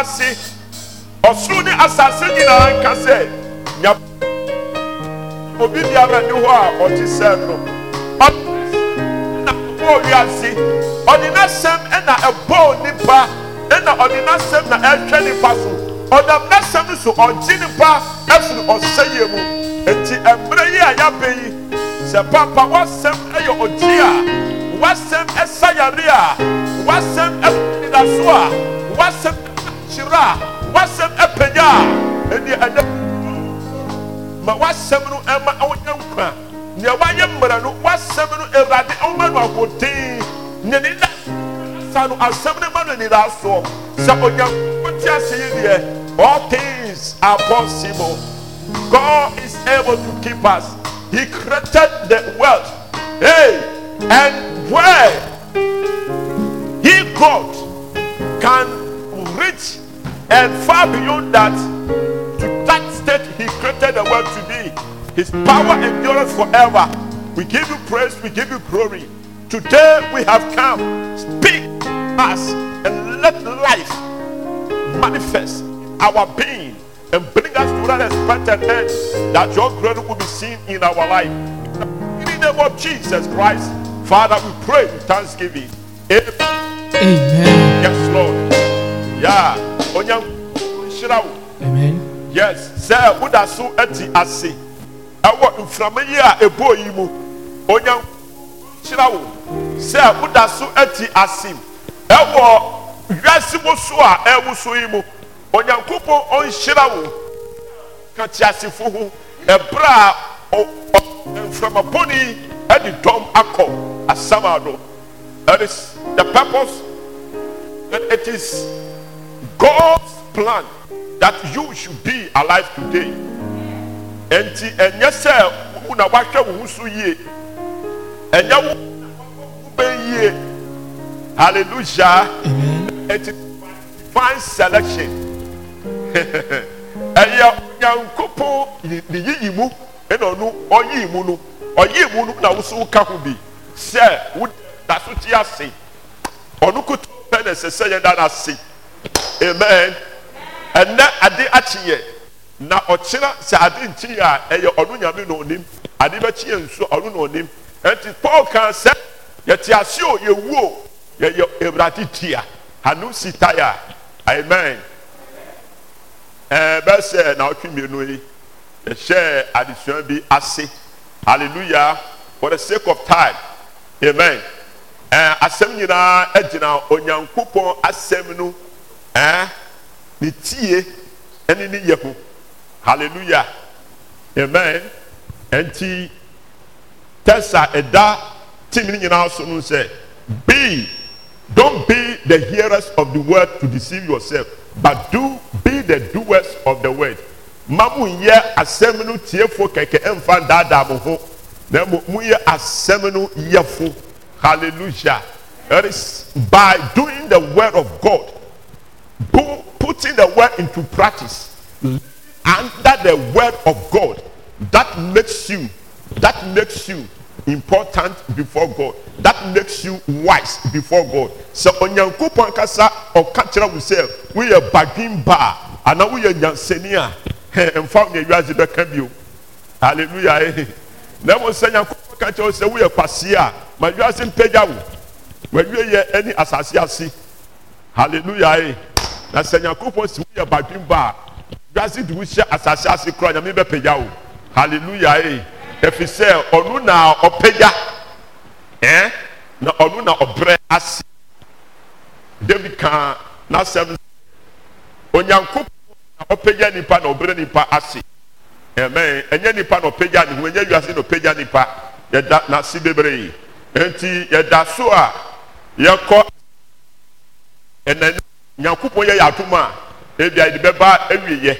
ase ɔsoro ne asase nyinaa nka sɛ nya obi biara ni hɔ a ɔte sɛn no ɔde na ɛbɔɔ wiase ɔde n'asɛm ɛna ɛbɔɔ nipa ɛna ɔde n'asɛm na ɛhwɛ nipa so ɔdam n'asɛm so ɔgye nipa ɛfiri ɔsɛyɛ mu eti mmerɛ yi a yabɛ yi sɛ papa wasɛm ɛyɛ ɔgye a wasɛm ɛsa yare a wasɛm ɛfiri da so a wasɛm. owura wasɛm ɛpɛnya a ɛni ma wasɛm no ɛma ɔnyɛ nkwa nea wayɛ mmerɛ no wasɛm no ewurade ɔma no ahoɔden nea ne da sa no asɛm no ma no da soɔ sɛ ɔnyɛ nkɔte ase yi all things are possible God is able to keep us he created the world hey and where he God can reach and far beyond that, to that state he created the world to be. His power endures forever. We give you praise, we give you glory. Today we have come. Speak us and let life manifest our being and bring us to that expected end that your glory will be seen in our life. In the name of Jesus Christ, Father, we pray with thanksgiving. Amen. Amen. Yes, Lord. Yeah. Amen. Yes. Sɛ woda so ati ase. Ɛwɔ mframa yi a ebo yi mu. Onyanko nhyira wo. Sɛ woda so ati ase. Ɛwɔ wiase mu so a ɛwɔ so yi mu. Onyankopɔn ɔnhyira wo. Ka te asefo ho. Ɛbrɛ a mframa bɔnni ɛde dɔm akɔ asama do. That is the purpose. That it is God's plan that you should be alive today. Enti enye se wo na wahwɛ wo ho so yie. Enye wo wo yie. Hallelujah. Amen. Enti divine selection. Ɛyɛ Nyankopɔn ne yiyi mu ɛna ɔno ɔyiyi mu no ɔyiyi mu no na wosow ka ho bi sɛ wo da so te ase ɔno koto pɛ na ɛsɛ sɛ yɛda no ase. amen ɛnɛ ade akyi yɛ na ɔkyerɛ sɛ ade nkyi yɛ a ɛyɛ ɔno nyame na onim ade bɛkyi yɛ nso ɔno na onim ɛnti paul kan sɛ yɛte ase o yɛwu o yɛyɛ ewurade tia hanu si taya amen ɛɛ bɛsɛ na ɔtwi mienu yi yɛhyɛ adesua bi ase hallelujah for the sake of time amen ɛɛ asɛm nyinaa gyina onyankopɔn asɛm no. ɛn ne tie ɛne ne hallelujah amen ɛnti tɛsa ɛda tim ne nyinaa so no sɛ be don't be the hearers of the word to deceive yourself but do be the doers of the word Mamu yɛ asɛm no tiefo kɛkɛ ɛnfa daadaa mo ho na mo mo yɛ asɛm no yɛfo hallelujah it is by doing the word of God putting the word into practice under the word of God that makes you that makes you important before God that makes you wise before God So onyankopɔn kasa ɔka kyerɛ wo sɛ "We badwin baa anaa woyɛ nyansani a mfa wo ne awiase bɛka bio hallelujah eh. na mmom sɛ nyankopɔn ka kyerɛ say, "We are kwaseɛ a ma awiase When wo hear any ani asase ase hallelujah eh na sɛ nyankopɔn si woyɛ badwem ba a wiase de wohyɛ asase ase kora nyame bɛpagya wo halleluya e eh? ɛfiri sɛ ɔno na ɔpagya ɛn eh? na ɔno na ɔbrɛ ase david na n'asɛm onyankopɔn na ɔpagya nipa na ɔbrɛ nipa ase amen ɛnyɛ nipa na ɔpagya ne ho ɛnyɛ wiase na ɔpagya nipa yɛda n'ase bebree nti yɛda so a yɛkɔ ɛnani nyankopɔn yɛ yɛ adom a ebia yɛde bɛba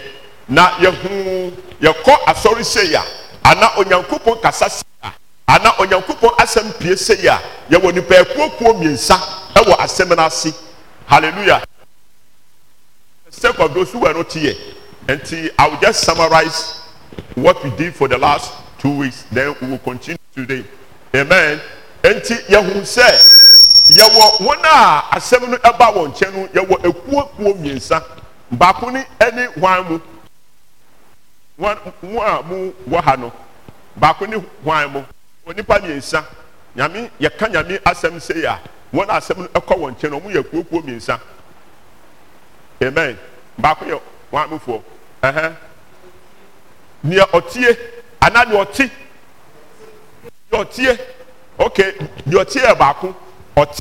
na yɛhu yɛkɔ asɔre seya. ana onyankopɔn kasa sei ana onyankopɔn asɛm pie sei a yɛwɔ nipa ekuokuo mmiɛnsa ɛwɔ asɛm hallelujah Except of those who were not here and i will just summarize what we did for the last two weeks then we will continue today amen until yɛhu sɛ. yɛwɔ wɔn a asɛm no ɛba wɔn nkyɛn no yɛwɔ ekuo kuo mmiɛnsa baako ni ɛne hwan mu wɔn mu a mu wɔ ha no baako ne hwan mu onipa mmiɛnsa nyame yɛka nyame asɛm sɛ yɛ a wɔn a asɛm no ɛkɔ wɔn nkyɛn no wɔn yɛ kuo kuo mmiɛnsa amen baako yɛ hwan mu foɔ ɛhɛn nea ɔtie anaa nea ɔte nea ɔtie okay nea ɔtie yɛ baako ɔte.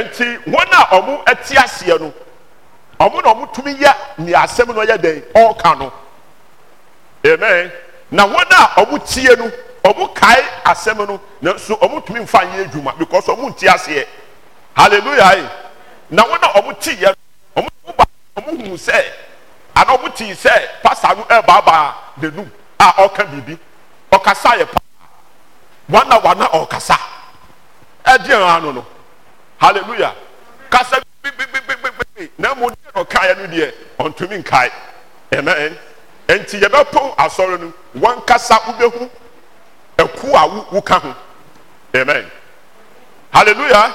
nti wọn a wɔn te aseɛ no wɔn na wɔtumi yɛ nea asɛm na yɛ den ɔreka no amen na wọn a wɔtie no wɔn kae asɛm no nanso tumi nfa nyɛ adwuma because wɔn te aseɛ hallelujah na wọn a wɔte yɛ no wɔn ba wɔn hu sɛ ana wɔn te sɛ pastor no ɛrebaabaa n'anum a ɔreka biribi ɔkasa yɛ paa wɔn a wɔn a ɔrekasa ɛdi ɛran no no. hallelujah kasa gbigbigbigbigbi na mu deɛ no kaeɛ no amen nti yɛbɛpo asɔre no wɔn kasa wobɛhu ɛku a amen hallelujah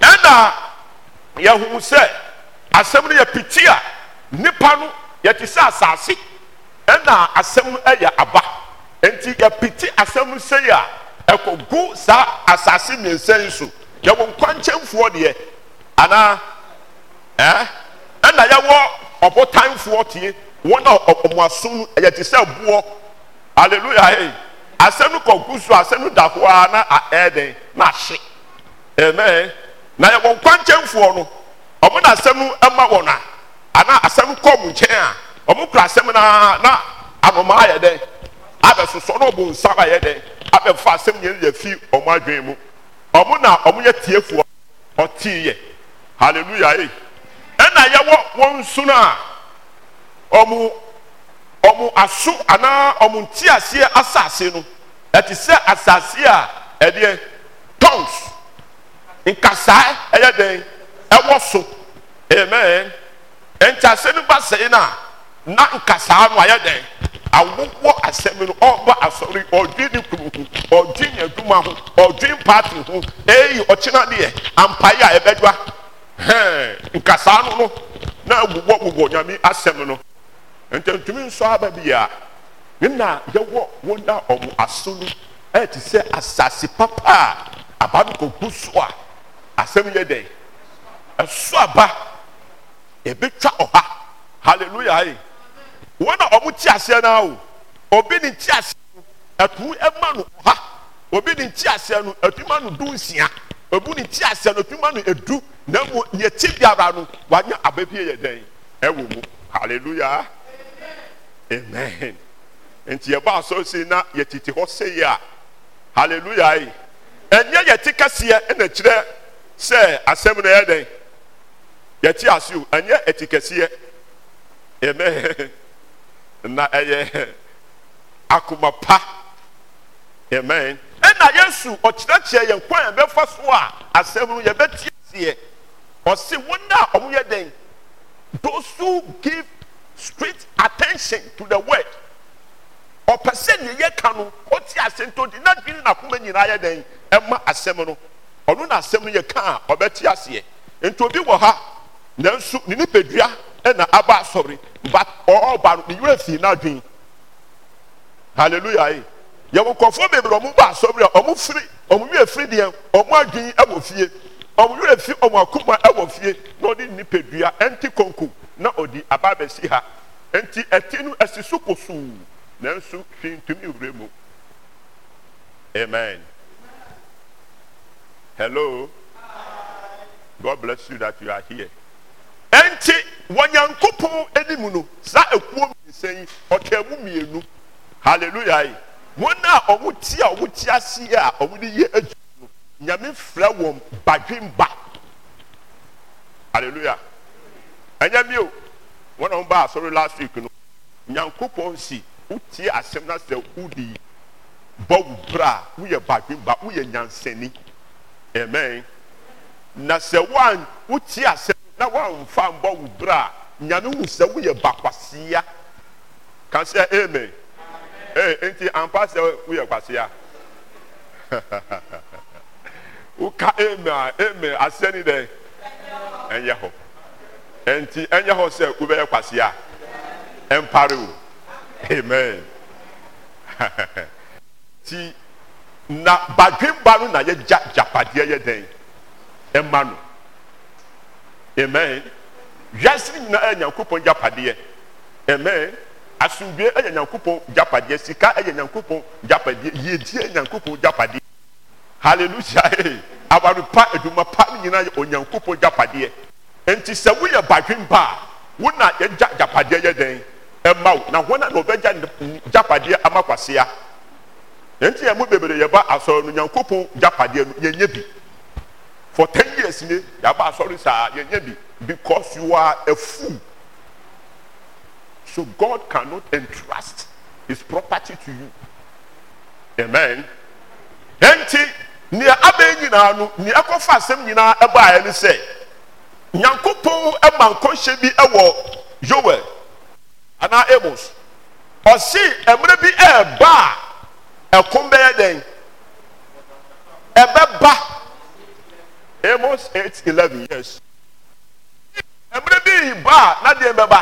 ɛna yɛhu sɛ asɛm no nipa no yɛte sɛ asase ɛna asɛm no ɛyɛ aba nti yɛpiti asɛm no sɛ yɛ a yɛwɔ nkwankyɛnfoɔ deɛ anaa ɛɛ ɛna yɛwɔ ɔbotanfoɔ tie wɔn a ɔmo aso no ɛyɛ te sɛ boɔ hallelujah ee asɛm no kɔnku so asɛm da hɔ a na ɛɛdɛn na ahye amen na yɛwɔ nkwankyɛnfoɔ no ɔmo na asɛm ɛma wɔn a anaa asɛm no kɔ nkyɛn a ɔmo kura asɛm na na anoma ayɛ dɛn abɛsosɔ na ɔmo nsa ayɛ dɛn abɛfa asɛm yɛn yɛ fi ɔmo adwene mu. ɔmo na ɔmo yɛ tiefoɔ ɔtee yɛ hallelujah ee eh. ɛna yɛwɔ wɔn nso no a ɔmo ɔmo aso anaa ɔmo nti aseɛ asase no ɛte sɛ asase a ɛdeɛ tons nkasaa ɛyɛ dɛn ɛwɔ so amen nkyase no ba sɛɛ na na nkasaa no ayɛ dɛn. awowɔ asɛm no ɔba asɔre ɔdwe ne kurom ho ɔdwe ne adwuma ho ɔdwe paati ho eyi ɔkyena deɛ ampaeɛ ɛbɛdwa hɛn nkasaa no no na wowɔ nyame asɛm no ntɛntumi nso aba bia nna yɛwɔ wɔn a ɔmo aso no sɛ asase papa a aba no so a asɛm yɛ ɛso aba ɔha hallelujah. wɔn a wɔn ti aseɛ naa o obi ne ti aseɛ no ɛtu ɛma no ɔha obi ne ti aseɛ no ɛtu ma no dunsia obi ne ti aseɛ no ɛtu ma no edu na mu yɛ ti biara no wanya abɛpie yɛ dɛn ɛwɔ mu hallelujah amen nti yɛba asɔsi na yɛtete hɔ seyi a hallelujah yi ɛnyɛ yɛte kɛseɛ ɛna kyerɛ sɛ asɛm no yɛ dɛn yɛte ase o ɛnyɛ ɛte kɛseɛ amen. na ɛyɛ eh, eh, akoma pa amen ɛna yesu ɔkyerɛkyerɛ yɛn kwan yɛbɛfa so a asɛm no yɛbɛtie seɛ ɔse wɔn a wɔyɛ dɛn those dosu give strict attention to the word ɔpɛ sɛ nea yɛka no ɔte asɛm to di na dwene n'akoma nyinaa yɛ dɛn ɛma asɛm no ɔno na asɛm no yɛka a ɔbɛte aseɛ nti wɔ ha nanso ne nipadua ɛna aba asɔre but ɔɔba no ne werɛ fii hallelujah yi yɛwɔ nkɔfoɔ bebree ɔmo ba asɔre a ɔmo firi ɔmo werɛ firi deɛ ɔmo adwene ɛwɔ fie ɔmo werɛ fi ɔmo akoma ɛwɔ fie na ɔde nipadua ɛnti konko na ɔde aba abɛsi ha nti ɛti no ɛsi so kosuu nanso hwee ntumi wura mu amen hello god bless you that you are here ɛnti wɔnyankopɔn anim no saa ekuo mmiɛnsa yi ɔtwa mu mmienu hallelujah yi wɔn a wɔn ti a wɔn ti ase a wɔn de yɛ adwuma no nyame fira wɔn badwemba hallelujah ɛnyɛ mi o wɔn a wɔn ba asɔre last week no nyankopɔn si wotie asɛm na sɛ wodi bɔ bra woyɛ badwemba woyɛ nyansani amen na sɛ woan wotie asɛm na woamfa mbɔ wo berɛ a nyame hu sɛ woyɛ bakwasea ka sɛ amen ee nti ampa sɛ woyɛ kwasea woka amen a amen aseɛ ni dɛn ɛnyɛ hɔ nti ɛnyɛ hɔ sɛ wobɛyɛ kwasea ɛmpare wo amen ti na badwemba no na yɛ gya gyapadeɛ yɛ dɛn ɛma no amen wiase nyinaa ɛyɛ nyankopɔn gyapadeɛ amen asomdwe ɛyɛ nyankopɔn gyapadeɛ sika ɛyɛ nyankopɔn gyapadeɛ yiedie nyankopɔn gyapadeɛ hallelujah awarepa pa nyinaa yɛ onyankopɔn gyapadeɛ nti sɛ woyɛ badwemba a wo na yɛgya gyapadeɛ yɛ ɛma wo na wɔn a na gyapadeɛ ama nti yɛn mu bebree asɔrɔ no nyankopɔn gyapadeɛ no yɛnyɛ bi. for ten years ni yaba asɔre saa yɛnyɛ bi because you are a fool so God cannot entrust his property to you amen ɛnti ni abɛn nyinaa no nea akɔfa asɛm nyinaa ni se sɛ nyankopɔn ɛma nkɔhyɛ bi wo joel anaa amos ɔsi mmerɛ bi e a den e dɛn ba. Amos 8 11 yes. Mmerɛ bi yi ba a n'adeɛ bɛba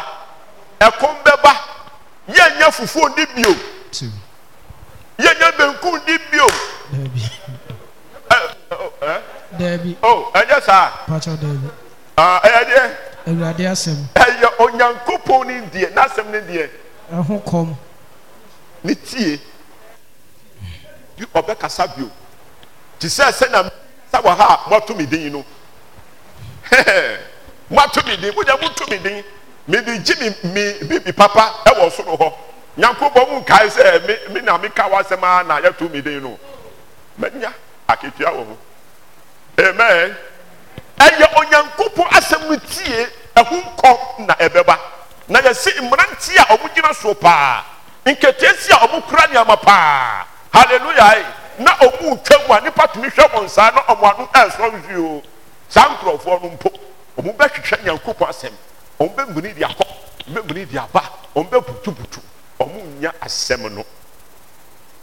ɛkom bɛba yɛn nyɛ fufuo di bio yɛn nyɛ benkum di bio. Dɛbi. Eh, oh, eh? O oh, ɛnyɛ eh, saa. Pàtó dɛbi. Ɛyɛ ah, deɛ. Awurade asɛm. Ɛyɛ onyankopɔn ni deɛ n'asɛm ni deɛ. Ɛho kɔm. Ne tie. Ɔbɛkasa bio. Te sɛ sɛ na. na wɔ ha a moato me din no moato me din wogya moto me din mede gye me me bibi papa ɛwɔ soro hɔ nyankopɔn mu nkae sɛ me me na meka w'asɛm ma na to me din no manya aketua wɔ ho amen ɛyɛ onyankopɔn asɛm no tie ɛho nkɔ na ebeba. na yɛsi mmeranteɛ a wɔgyina so paa nketeesi a wɔkura nneɛma paa hallelujah na ɔmu twa mu a nipa tumi hwɛ wɔn saa na ɔmo ano ɛsɔ nsuo saa nkurɔfoɔ no mpo ɔmo bɛhwehwɛ nyankopɔn asɛm ɔmo bɛ mbuni di akɔ ɔmo bɛ mbuni di aba ɔmo bɛ butubutu ɔmo nya asɛm no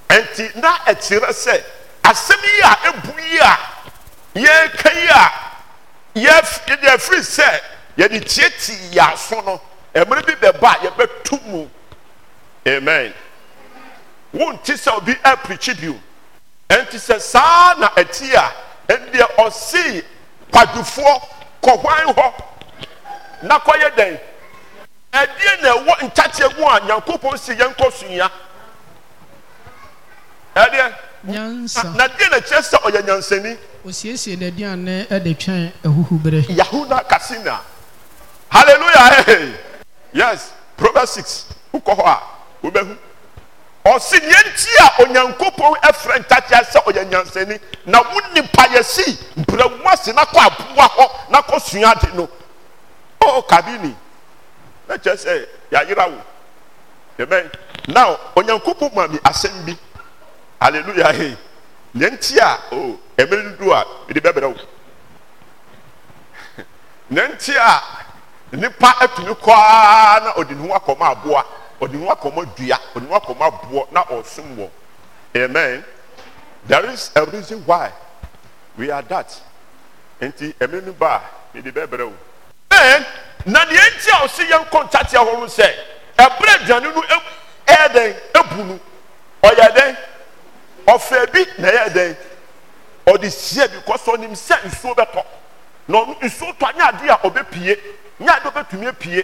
ɛnti na ɛkyerɛ sɛ asɛm yi a ebu yi a yɛreka yi a yɛde afiri sɛ yɛde tietie yɛ no mmerɛ bi bɛba a yɛbɛtu mu amen wɔn ti sɛ obi ɛpirikyi bio ɛnti sɛ saa na ɛti a ɛdeɛ ɔsi kwadufoɔ kɔhwan hɔ na kɔyɛ dɛn ɛdeɛ na ɛwɔ nkyakyeɛ mu a nyankopɔn si yɛn nkɔ sunya ɛdeɛ na deɛ na kyerɛ sɛ ɔyɛ nyansani osiesie n'aduane ɛde twɛn ɛhuhu bere yahuna kasina hallelujah yes proverbs six wokɔ hɔ a wobɛhu ɔsi nye ti a onyankopɔn ɛfrɛ ntatea sɛ ɔyɛ nyansani na wo nipa yɛ si mpirawu ase na kɔ aboa hɔ na sua de no O kabini na kyerɛ sɛ yɛayera wo amen now onyankopɔn ma mi asɛm bi hallelujah hey yɛn ti a o ɛmɛ dodo a ɛde bɛbrɛ wo yɛn ti a nipa etu ɛtumi kɔaa na ɔde ne ho akɔma aboa. ɔde mu akɔmɔ dua ɔde mu akɔmɔ aboɔ na ɔsom wɔ amen there is a reason why we are that nti ɛmɛ mi ba ɛdi bɛ brɛ o. ɛn na deɛ nti a ɔsi yɛn kɔ ntatea hɔ sɛ ɛbrɛ aduane no ɛyɛ dɛn ebu no ɔyɛ dɛn ɔfɛ bi na ɛyɛ dɛn ɔde sie bi kɔsɔ nim sɛ nsuo bɛtɔ na nsuo tɔ nyɛ a ɔbɛ pie nyɛ adeɛ ɔbɛtumi apie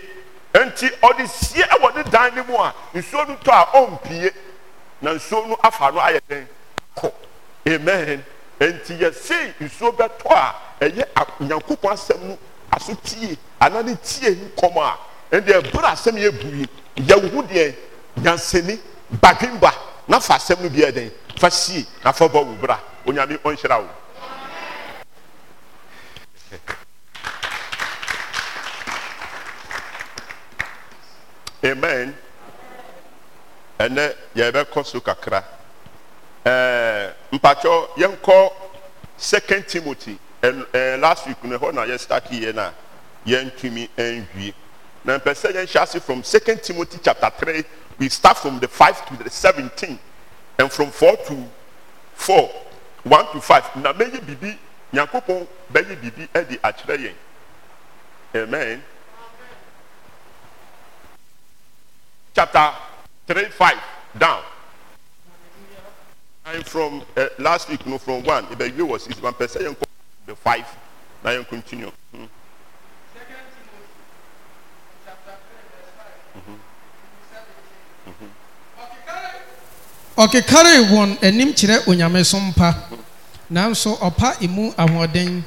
nti ɔde sie ɛwɔ ne dan ne mu a nsuo no tɔ a ɔmpie na nsuo no afa no ayɛ den kɔ amen nti yɛse nsuo bɛtɔ a ɛyɛ nyankopɔn asɛm no aso tie anaa ne tie nkɔm a ɛnde ɛbrɛ asɛm yɛ bui yɛwohu deɛ nyansani badwemba na fa asɛm no bi yɛ den fa sie na fa bɔ onyame ɔnhyira wo amen ɛnɛ yɛbɛkɔ so kakra ɛɛ eh, mpatsɔ yɛnkɔ second timothy and ɛɛ eh, last week no hɔ na yɛ start yɛ na yɛntumi ɛnwie na mpɛ sɛ ase from second timothy chapter three we start from the five to the seventeen and from four to four one to five na mɛyi bibi nyankopɔn bɛyi bibi ɛde akyerɛ yɛn amen. chapter 3, 5 down. I'm from uh, last week, no, from one. If you was is one person. the five, Now you continue. Hmm. ɔkekaree wɔn anim kyerɛ onyame so mpa nanso ɔpa emu ahoɔden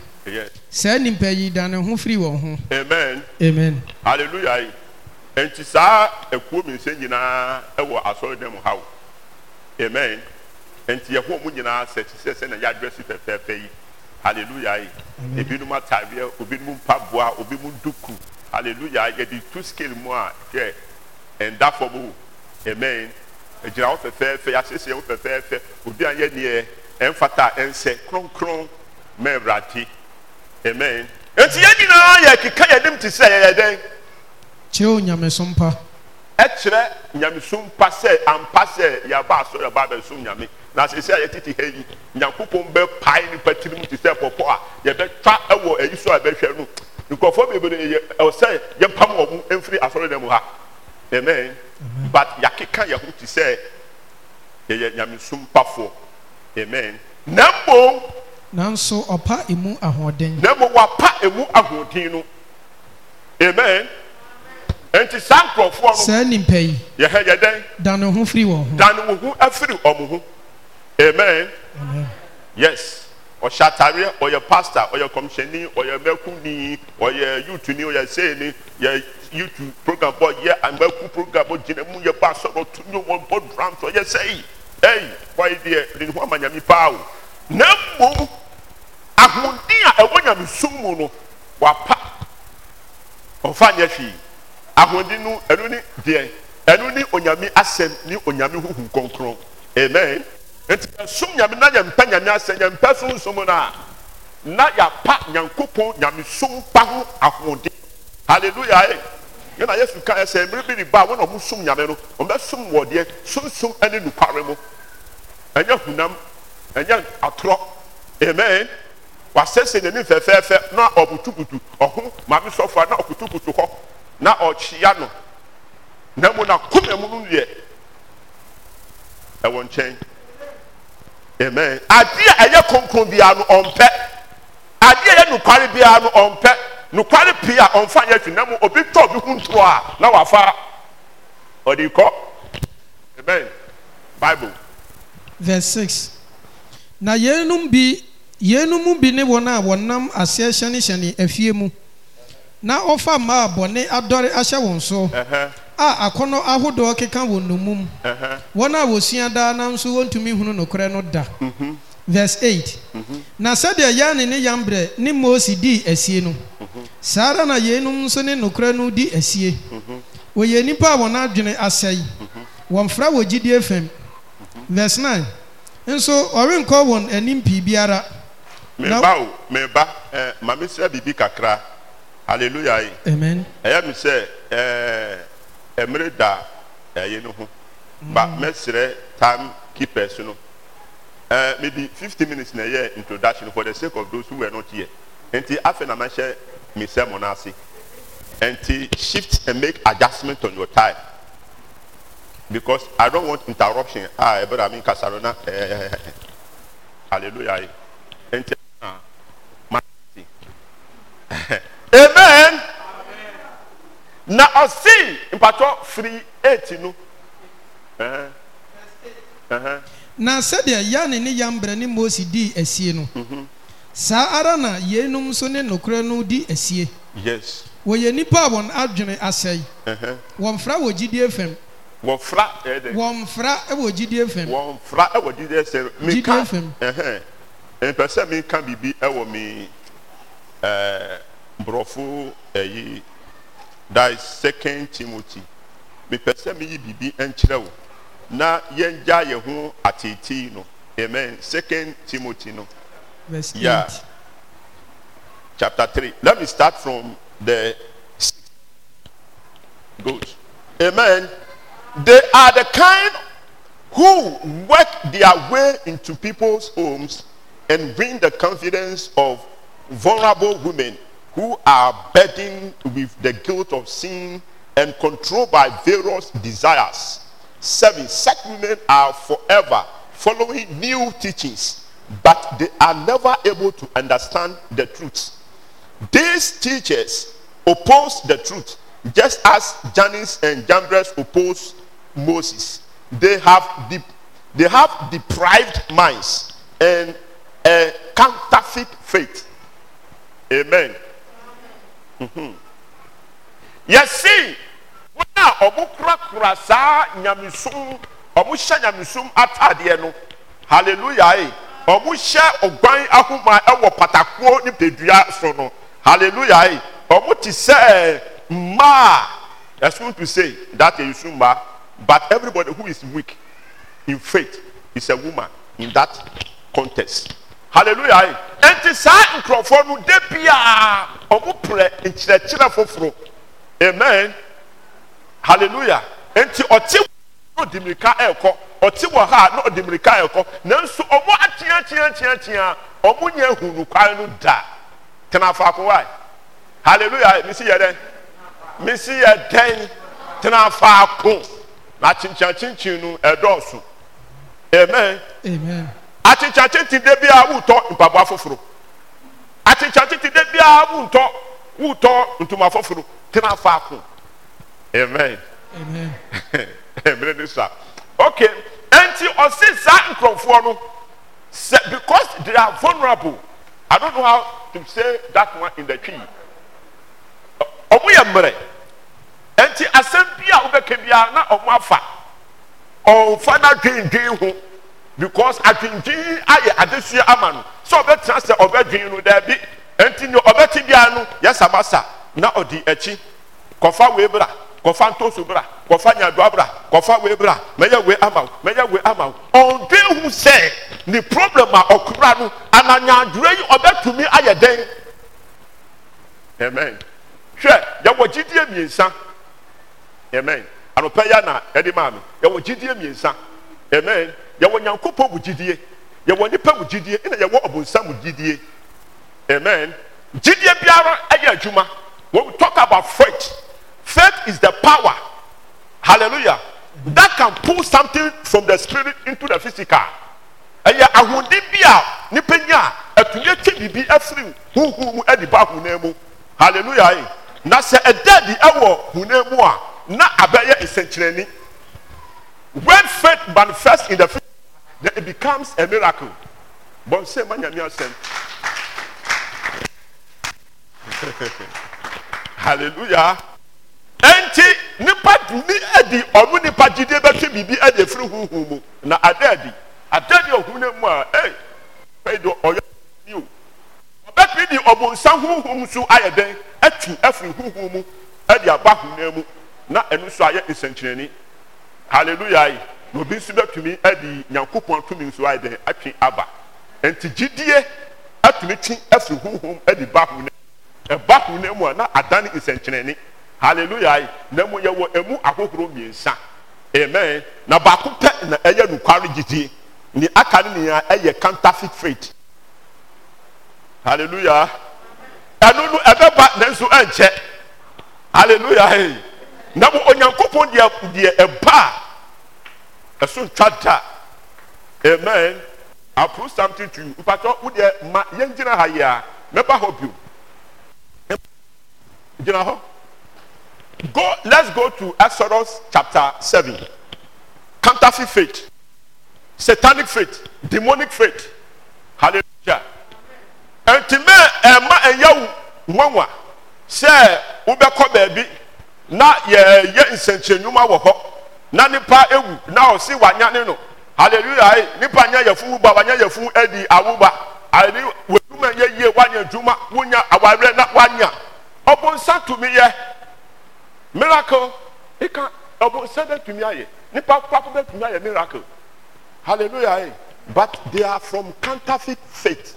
saa nnipa yi da ne ho firi wɔn ho amen amen hallelujah nti saa ekuo mmiɛnsa nyinaa wɔ asɔredan mu haw amen nti yɛho mu nyinaa sɛ te sɛ sɛ na yɛadrɛsi fɛfɛɛfɛ yi hallelujah yi ebinom ataadeɛ obinom mpaboa obinom duku hallelujah yɛde tu scale mu a yɛ ɛnda fam amen egyina hɔ fɛfɛɛfɛ yɛasiesie hɔ fɛfɛɛfɛ obi a yɛ neɛ ɛnfata ɛnsɛ kronkron mɛɛbrate amen nti yɛn nyinaa yɛ keka yɛn nim te sɛ yɛyɛ dɛn. kyerɛ onyamesom pa ɛkyerɛ nyamesom pa sɛ ampa sɛ yɛaba asɔre aba abɛsom nyame na sɛ sɛ a yɛtete ha yi nyankopɔn bɛpae nipa tirim te sɛ pɔpɔ a yɛbɛtwa ɛwɔ ayi so a bɛhwɛ no nkurɔfoɔ bebree ɛwɔ sɛ yɛmpam wɔ mu mfiri asɔre dɛm ha amen but yɛakeka yɛ ho te sɛ yɛyɛ nyamesom pafoɔ amen na mmom nanso ɔpa emu ahoɔden na mmom wɔapa emu ahoɔden no amen nti saa nkurɔfoɔ no saa nipa yi yɛhɛ yɛdɛn dane ho firi wɔn ho dane wɔn ho afiri wɔn ho amen yes ɔhyɛ atareɛ ɔyɛ pasta ɔyɛ kɔmhyɛni ɔyɛ mɛkuni ɔyɛ yutu ni ɔyɛ seeni yɛ yutu program bɔ yɛ amɛku program bɔ gyina mu yɛ ba sɔrɔ tu ni wɔn bɔ drums ɔyɛ sɛyi ɛyi wɔyi deɛ ne ho ama nyame paa o na mbom ahoɔden a ɛwɔ nyame sum mu no wapa ɔfa nyɛ hwii ahoɔden no ɛno ne deɛ ɛno ne onyame asɛm ne onyame huhu kɔnkɔn amen nti yɛsom nyame na yɛmpa nyame asɛm yɛmpa so nsom no a na yɛapa nyankopɔn nyamesom pa ho ahoɔden halleluya e eh. ɛna yesu ka ɛsɛ mmere bi ne ba a wɔn a nyame no wɔbɛsom wɔ deɛ ne nukware mu ɛnyɛ hunam ɛnyɛ atorɔ amen wasɛsɛ n'ani fɛfɛɛfɛ na ɔbutubutu ɔho maame sɔfo a na ɔkutukutu hɔ na ɔkyea no na mu na kuma mu no deɛ ɛwɔ nkyɛn amen adeɛ a ɛyɛ kronkron biara no ɔmpɛ adeɛ a ɛyɛ nokware biara no ɔmpɛ nokware pii a ɔmfa nyɛ twi na mu obi tɔ obi ho ntoɔ a na wafa ɔde kɔ amen bible verse six na yɛnum bi yɛnum bi ne wɔn a wɔnam aseɛ hyɛnhyɛn afie mu. na ɔfa mmaa bɔne adɔre ahyɛ wɔn so a akɔnɔ ahodoɔ keka wɔ nomum wɔn a wɔsua daa nanso wɔntumi hunu nokorɛ no da mhm. verse 8 mhm. na sɛdeɛ yane ne yambrɛ ne mose dii asie no mhm. saa ara na yeinom nso ne nokorɛ no di asie wɔyɛ nnipa a wɔn adwene asɛe wɔmfra wɔ gyidie fam verse 9 nso ɔrenkɔ wɔn anim pii biara meba o meba ɛ eh, maame sɛ biribi kakra hallelujah amen ɛyɛ mi sɛ ɛɛ ɛmiri da ɛyɛ no ho ba mɛsirɛ mm. time keepers no ɛɛ maybe fifty minutes na ɛyɛ introduction for the sake of those who were not here nti afei na ma hyɛ mi sɛ mo n'ase nti shift and make adjustment on your time because i don't want interruption ah ebere ami kasaro na ɛɛ hallelujah yi nti ah ma ti. amen na ɔsi mpatɔ firi eight no na sɛdeɛ yane ne yambrɛ ne mose dii asie no mhm. saa ara na yeinom nso ne nokorɛ no di asie yes wɔyɛ nipa a wɔn adwene asɛe wɔmfra wɔ gyidie fam wɔmfra ɛdɛ wɔmfra ɛwɔ gyidie fam wɔmfra fam mpɛ sɛ mi ka biribi ɛwɔ mi borɔfo ɛyi that is second timothy mepɛ sɛ meyi Bibi nkyerɛ wo na yɛngya yɛn ho ateetee no amen second timothy no Verse yeah eight. chapter three let me start from the good amen they are the kind who work their way into people's homes and win the confidence of vulnerable women who are burdened with the guilt of sin and controlled by various desires. Seven, such women are forever following new teachings, but they are never able to understand the truth. These teachers oppose the truth, just as Jannes and Jambres opposed Moses. They have, de- they have deprived minds and a counterfeit faith. Amen yɛsi wɔn a ɔmo kurakura saa nyamisum ɔmo hyɛ ataadeɛ no hallelujah yi eh. ɔmo hyɛ ɔgban ahoma ɛwɔ patakuo ne pedua so no hallelujah yi eh. ɔmo ti sɛ mmaa ɛsum to say that ɛyɛ mmaa but everybody who is weak in faith is a woman in that context. hallelujah ɛnti saa nkurɔfoɔ no de biara wɔn pere nkyerɛkyerɛ foforɔ amen hallelujah nti ɔte no di mirika ɛkɔ ɔte wɔ ha na ɔdi ɛkɔ nanso wɔn atea tea tea tea wɔn nyɛ hunu kwan no da tena faako wa hallelujah misi yɛ dɛ misi yɛ dɛn tena faako na kyinkyin kyinkyin no ɛdɔɔso amen. amen. akyekyakye te de bia wotɔ mpaboa foforɔ akyekyakye te de bia wotɔ wotɔ ntoma foforɔ tena faako amen amen ne sa okay nti ɔsi saa nkurɔfoɔ no sɛ because they are vulnerable i don't know how to say that one in the tree ɔmo yɛ mmerɛ nti asɛm bi a wobɛka biara na ɔmo afa ɔnfa na dwendwen ho. because adwindwin ayɛ adesua ama no sɛ ɔbɛtena sɛ ɔbɛdwin no daabi nti nea ɔbɛte biara no tibianu yasamasa na ɔde akyi kɔfa wee bra kɔfa ntoso bra kɔfa nyadoa bra kɔfa wee bra mɛyɛ wee ama wo mɛyɛ wee ama wo ɔndwe hu sɛ ne problem a ɔkora no ananyaadorɔ yi ɔbɛtumi ayɛ den amen hwɛ yɛwɔ gyidie mmiɛnsa amen yɛ na maa yɛwɔ gyidie mmiɛnsa amen yɛwɔ nyankopɔn mu gyidie yɛwɔ nipa mu gyidie ɛna yɛwɔ ɔbɔnsam mu gyidie amen gyidie biara ɛyɛ adwuma when we talk about faith faith is the power hallelujah that can pull something from the spirit into the physical ɛyɛ ahode bi a nipa nya a ɛtunye twe biribi afiri huhu mu ɛde ba ahona mu hallelujah na sɛ ɛdɛ de ɛwɔ hona mu a na abɛyɛ nsɛnkyerɛni. When faith manifests in the physical, then it becomes a miracle. But say, man, Hallelujah. Enti nipa ni edi ọmu nipa jide bibi ẹdi efiri huhu mu na ne mu a ọyọ ni o ọbẹ di huhu ayẹ ẹtu efiri huhu mu ẹdi aba ne mu na ẹnu ayẹ nsẹnkyerẹni. hallelujah na obi nso bɛtumi adi nyankopɔn tumi nso ayɛ dɛn atwe aba nti gyidie atumi kyi afiri huhum adi ba ho na emu. ho na mu a na adane nsɛnkyerɛnne halleluya yi na mu wɔ emu ahohoro mmiɛnsa amen na baako pɛ na ɛyɛ nokware gyidie ne aka ne nyinaa ɛyɛ counterfeit faith hallelujah ɛno no ɛbɛba nanso ɛnkyɛ hallelujah yi. Hey. na mo onyankopɔn deɛ deɛ ɛba a ɛso ntwa da amen i prove something to you mpatɔ wo deɛ ma yɛn gyina ha yi a mɛba hɔ bio gyina hɔ go let's go to exodus chapter seven counterfeit faith satanic faith demonic faith hallelujah ɛntì mɛ ɛma ɛyɛ wo nwanwa sɛ wobɛkɔ baabi. na yɛyɛ nsɛnkyerɛnwuma wɔ hɔ na nipa ewu na ɔsi wanya ne no hallelujah nipa nya yɛ ba wanya yɛ funu edi awuba. ba ali wɛduma yɛ yie wanya dwuma wonya awaare na wanya ɔbɔnsa tumi yɛ miracle eka ɔbɔnsa bɛ tumi ayɛ nipa kpakpo bɛ tumi ayɛ miracle hallelujah but they are from counterfeit faith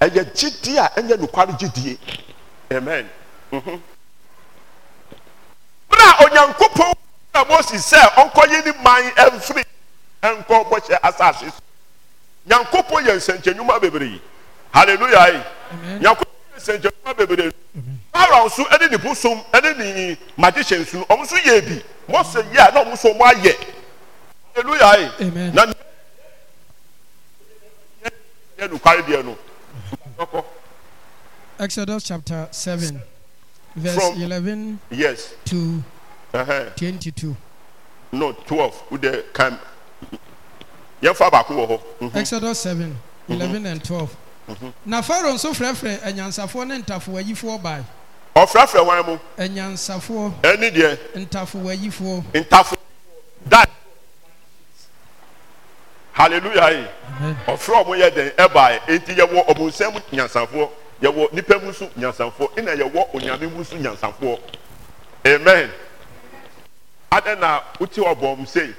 ɛyɛ gyidie a ɛnyɛ nukwari gyidie amen. Mm -hmm. na sɛ ɔnkɔyi man bɔhyɛ asase so nyankopɔn yɛ bebree hallelujah nyankopɔn yɛ bebree nso ne bosom ne magician nso nso yɛ mose yɛ nso ayɛ hallelujah deɛ no Exodus chapter 7, verse From, 11 yes. to 22. No, 12. With the can. Yɛmfa baako wɔ hɔ. Mhm. Exodus 7, 11 mhm. and 12. Mhm. Na Pharaoh nso frɛfrɛ anyansafoɔ ne ntafowayifoɔ bae. Ɔfrɛfrɛ wɔn mu. Anyansafoɔ. Ɛni deɛ. Ntafowayifoɔ. Ntafo. That. Hallelujah yi. Eh? Ɔfrɛ ɔmo yɛ den ɛbae eti yɛwɔ ɔmo nsɛm nyansafoɔ yɛwɔ nipa mu nso nyansafoɔ ɛna yɛwɔ onyame mu nso amen adɛn na wote wɔ bɔn sei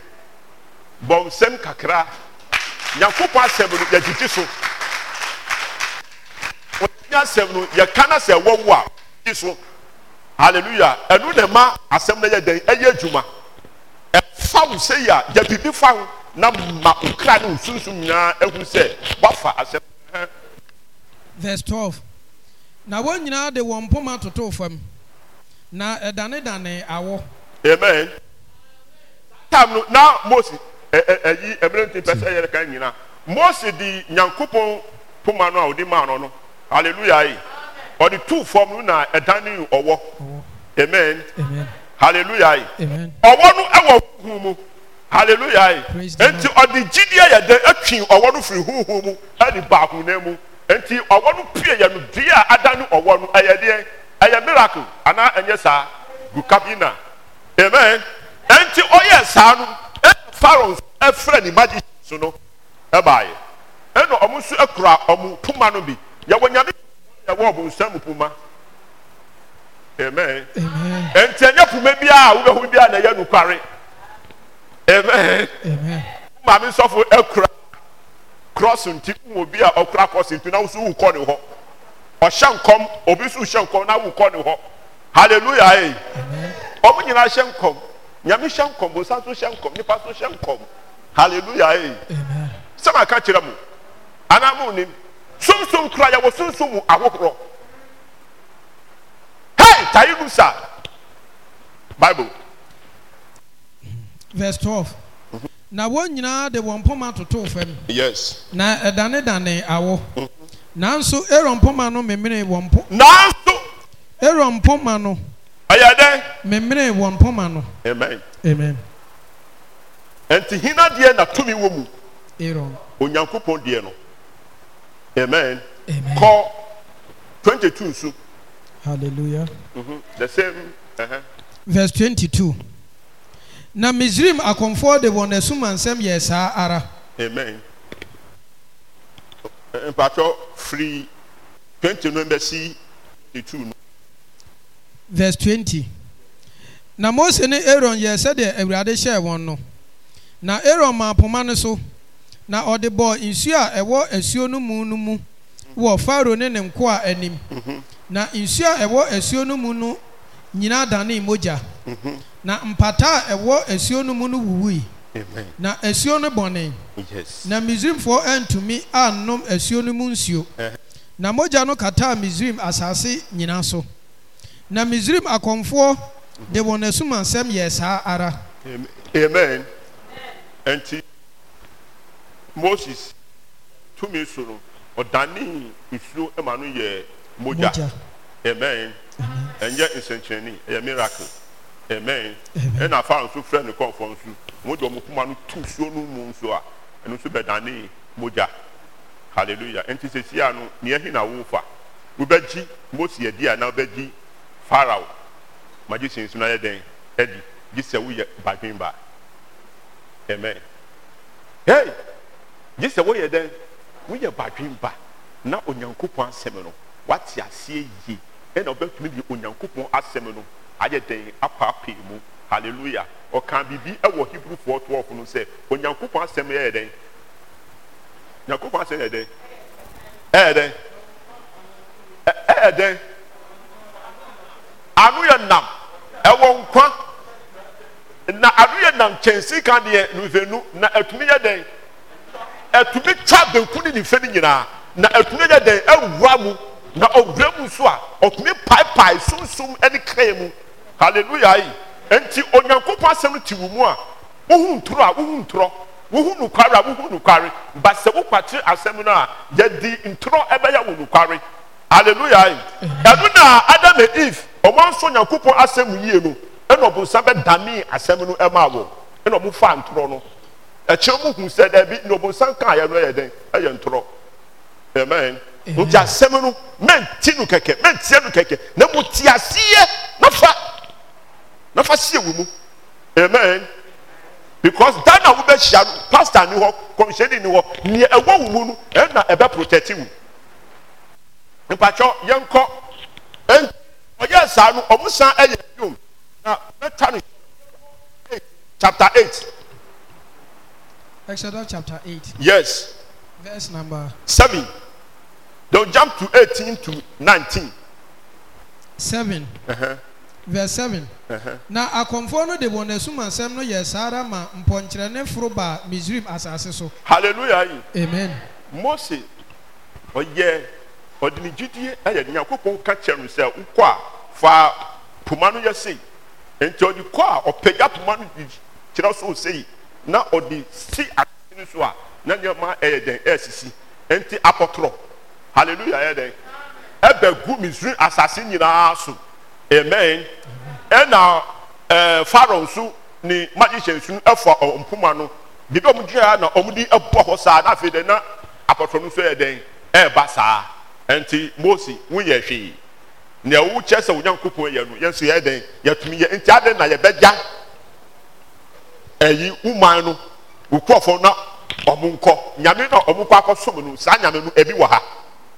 bɔn nsɛm kakra nyankopɔn asɛm no yɛgyigyi so onyame asɛm no yɛka na sɛ ɛwɔ a gyigyi so hallelujah ɛnu na ɛma asɛm na yɛ dɛn ɛyɛ adwuma ɛfa wo sei fa na ma okra ne nsunsum nyinaa ehu sɛ wafa asɛm. verse twelve na wɔn nyinaa de wɔn mpoma toto fam na ɛdanedane awɔ. amen. time no na mose ɛyi mmerante pɛ sɛ ka nyina mose di nyankopɔn poma no a ɔde maa no no halleluya yi ɔde tuu fam no na ɛdan no ɔwɔ amen halleluya yi ɔwɔ no ɛwɔ huhu mu halleluya yi nti ɔde gyidie yɛ dɛ atwi ɔwɔ no firi huhu mu ɛde baako nan mu nti ɔwɔ no pie yɛ no dua a ada no ɔwɔ no ɛyɛ deɛ ɛyɛ miracle anaa ɛnyɛ saa gukabina amen. nti ɔyɛ saa no ɛna pharaoh ɛfrɛ ne magician so no ɛbaeɛ ɛna ɔmo nso ɛkura ɔmo poma no bi yɛwɔ nyame yɛwɔ ɔmo nsa mu amen nti ɛnyɛ poma biara a biara na ɛyɛ amen maame nsɔfo ɛkura cross nti wɔ bi a ɔkura cross nti na nso wukɔ ne hɔ ɔhyɛ nkɔm obi nso hyɛ nkɔm na wukɔ ne hɔ hallelujah ɔmo eh. nyame hyɛ nkɔm bosa so hyɛ nkɔm nipa so hyɛ nkɔm hallelujah ee sɛm aka kyerɛ mu anaa mo nim sunsun kura yɛ wɔ sunsun mu ahohorɔ hey tayi nu sa bible. verse twelve. Mm-hmm. na wɔn nyinaa de wɔn mpoma toto fam. yes. na ɛdanedane awo. Mm-hmm. nanso aaron mpoma no memene wɔn mpo. nanso. aaron mpoma no ɛyɛ dɛ. mɛmɛrɛ wɔn pɔma no. amen. amen. ɛnti hinna deɛ na tumi wɔ mu. erɔ. onyankopɔn deɛ no. amen. amen. kɔ twenty two nso. hallelujah. Mm -hmm. the same. Uh -huh. verse twenty two. na misrim akonfo de wɔn asumansɛm yɛ saa ara. amen. mpatɔ firi twenty no bɛ si twenty two no. verse 20 na mose ne aaron yɛɛ sɛdeɛ awurade hyɛɛ wɔn no na aaron maa poma no so na ɔde bɔɔ nsuo a ɛwɔ asuo no mu no mu wɔ faro ne ne nkoa anim na nsuo a ɛwɔ asuo no mu no nyinaa danee mogya na mpata a ɛwɔ asuo no mu no wuwui na asuo no bɔnee na misraimfoɔ antumi annom asuo no mu nsuo eh. na mogya no kataa misraim asase nyinaa so na misrim akɔmfoɔ de wɔn asum asɛm yɛ saa ara amen ɛnti moses tumi so no ɔdane nsuo ma no yɛ mogya amen ɛnyɛ nsɛnkyerɛnni ɛyɛ miracle amen ɛna afa nso frɛ ne kɔnfɔ nso wɔn de wɔn kuma no tu suo no mu nso a ɛno nso bɛdane mogya hallelujah ɛnti sɛsia no nea ɛhi na wofa wobɛgyi mose adi a na wobɛgyi farao majusi nso na yɛ den ɛdi gye sɛ woyɛ badwin ba amen hey gye sɛ woyɛ den woyɛ badwin ba na onyankopɔn asɛm no wate aseɛ yie ɛna ɔbɛtumi de onyankopɔn asɛm no ayɛ den apaapaa mu hallelujah ɔka biribi ɛwɔ hebrew 4:12 no sɛ onyankopɔn asɛm yɛ den onyankopɔn asɛm yɛ den ɛyɛ den ɛyɛ den. ano yɛ nam ɛwɔ nkwa na ano yɛ nam kyɛnsee kan deɛ nuvenu na ɛtumi yɛ dɛn ɛtumi twa benku ne nifa ne nyinaa na ɛtumi yɛ dɛn ɛwura mu na ɔwura mu nso a ɔtumi paapae sunsun ɛne kran mu hallelujah yi nti onyankopɔn asɛm ti wɔ mu a wohu ntoro a wohu ntorɔ wohu nukware a wohu nukware ba sɛ wokwakyere asɛm no a yɛdi ntorɔ ɛbɛyɛ wɔ nukware hallelujah yi ɛno na adam and eve. ɔmo nso nyankopɔn asɛm yie no ɛna ɔbɔnsa bɛdame asẹmu no ɛmaa wɔn ɛna ɔmo fa ntorɔ no ɛkyerɛ mu hu debi dɛbi na ɔbɔnsa kaa yɛ no ɛyɛ dɛn amen nti asẹmu no mɛnti no kɛkɛ mɛntiɛ no kɛkɛ na mo ti aseɛ nafa nafa seɛ wɔ mu amen because dan na wobɛhyia no pastor ni hɔ kɔmhyɛni ni hɔ nea ɛwɔ wo mu no ɛna ɛbɛ protect wo mpatwɔ yɛnkɔ ɔyɛ saa no ɔmo san ɛyɛ dwom na mɛtwa no chapter eight. Exodus chapter eight. Yes. Verse number seven. Don't jump to eighteen to nineteen. Seven. Uh-huh. Verse seven. Uh-huh. Na akɔmfoɔ no de wɔn asum asɛm no yɛ saa ara ma mpɔnkyerɛne foro ba Misrim asase so. Hallelujah. Amen. Mose ɔyɛ. Oh yeah ɔde ne gyidie ɛyɛ ne nyankopɔn ka kyerɛ no sɛ wokɔ a fa poma no yɛ sei nti ɔde kɔ a ɔpagya poma no kyerɛ so sei na ɔde si ase no so a na nneɛma ɛyɛ dɛn ɛsisi nti akɔtorɔ hallelujah ɛyɛ dɛn ɛbɛ gu misiri asase nyinaa so amen ɛna ɛɛ farao nso ne magician nso ɛfa ɔmpoma no bibi ɔmo gyina na ɔmo de ɛbɔ hɔ saa na afei dɛ na akɔtorɔ no nso yɛ dɛn ɛɛba saa. nti mose nwunye hwee nea wokyɛ sɛ wo yɛ no yɛn nso yɛ dɛn yɛtumi yɛ nti adɛn na yɛbɛgya ɛyi woman no wo kurɔfoɔ na ɔmo nkɔ nyame na ɔmo kɔ akɔsom no saa nyame no ebi wɔ ha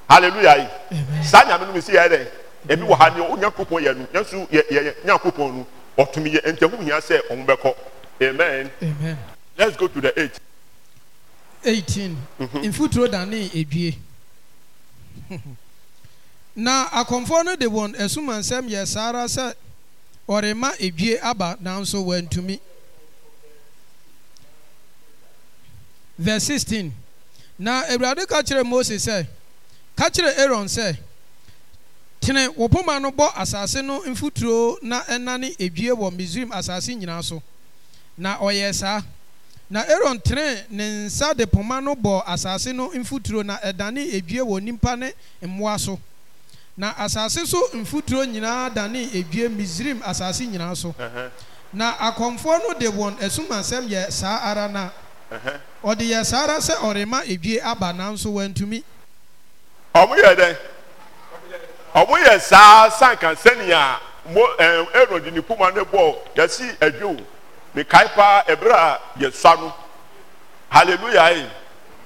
hallelujah yi saa nyame no mi ebi wɔ ha nea yɛ no nso yɛ yɛ nyankopɔn no ɔtumi yɛ nti sɛ amen amen let's go to the eight. eighteen mhm. mfuturo dani na akɔmfoɔ no de wɔn asumansɛm yɛ saa ara sɛ ɔrema edwie aba nanso wɔantumi verse sixteen na awurade ka kyerɛ mose sɛ ka kyerɛ aaron sɛ tene wo poma no bɔ asase no mfuturo na ɛnane ebie wɔ misraim asase nyinaa so na ọ saa na aaron tene ne nsa de poma no bɔɔ asase no mfuturo na ɛdane ebie wɔ nipa ne mmoa so na asase so mfuturo nyinaa dane ebie misrim asase nyinaa so na akɔmfoɔ no de wɔn asumansɛm yɛ saa ara na ɔde yɛ saa ara sɛ ɔrema ebie aba nanso wantumi ɔmo yɛ dɛ ɔmo yɛ saa sanka sɛnea mo ɛɛ aaron de ne poma no bɔɔ yɛsi adwo mekae paa ɛberɛ a yɛsa no halleluya yi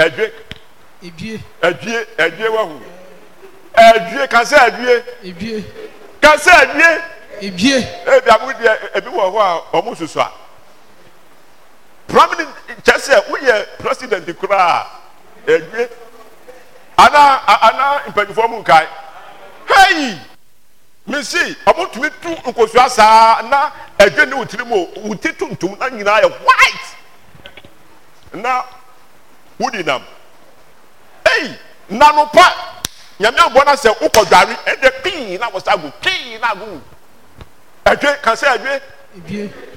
ɛdwe ɛdwe ɛdwe ɛdwe wahu ɛdwe kasa ɛdwe ɛdwe kasa ɛdwe ɛdwe ebi amu deɛ ebi wɔ hɔ a ɔmo soso a prominent kyɛ sɛ woyɛ president koraa ɛdwe ana ana mpanyinfoɔ mu nkae hei mesi ɔmo tumi tu nkosua saa na ɛdwe ne wo tiri mu o wo ti tuntum na nyinaa yɛ white na wodi nam eyi nanopa nyame abɔ na sɛ wokɔ dware ɛdɛ pii na wɔsa agu pii na agu ɛdwe kase ɛdwe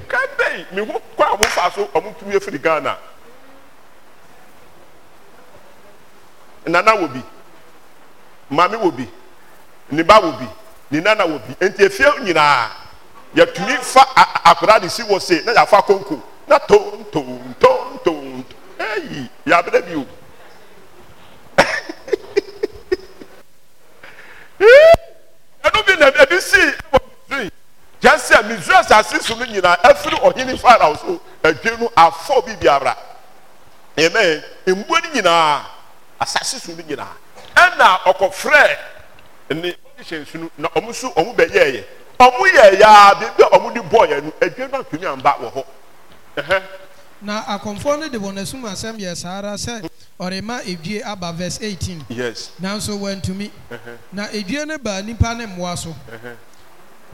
kɛntɛn mi ho kɔ a mo fa so ɔmo tu yɛ firi ghana nana wo bi maame wo bi ne ba wo bi ne nana wo bi nti efie nyinaa yɛtumi fa akwadaa de si wɔ se na yɛafa konko na tontontonton eyi yɛabrɛ bi o ɛnu bi na ebi si wɔ misiri kyɛ sɛ misiri asase so no nyinaa efiri ɔhene farao so adwe no afɔ bi biara amen mbuo ni nyinaa asase so no nyinaa ɛna ɔkɔfrɛ ne ɔhyehyɛ nsu no na ɔmo so ɔmo bɛyɛɛyɛ. ɔmo yɛ yaa biribi a ɔmo de bɔɔ yɛ no edwa no atwene amba wɔ hɔ na akɔmfoɔ no de wɔn asum asɛm yɛ saa ara sɛ ɔrema edwie aba verse eighteen yes nanso wɔntumi na edwie no baa nipa ne mmoa so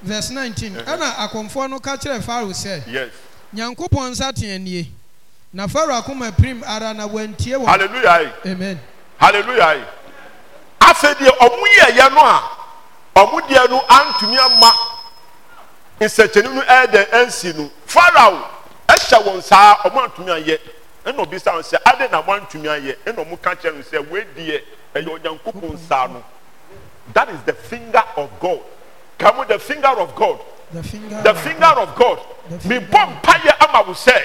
verse nineteen ɛna akɔmfoɔ no ka kyerɛ faro sɛ yes nyankopɔn nsa teɛ nie na faro akoma pirim ara na wɔntie wɔn hallelujah amen hallelujah afɛ deɛ ɔmo yɛ yɛ no a ɔmo deɛ no antumi ama nsɛkyɛni no ɛɛdɛ ɛnsi no farao ɛhyɛ wɔn saa ɔmo atumi ayɛ ɛna obi sa sɛ adi na wɔn atumi ayɛ ɛna ɔmo ka kyerɛ sɛ wɛdiɛ ɛyɛ ɔnyankopɔn saa no that is the finger of god kàmú the finger of god the finger, the finger of god mi bɔ mpa yɛ ama wò sɛ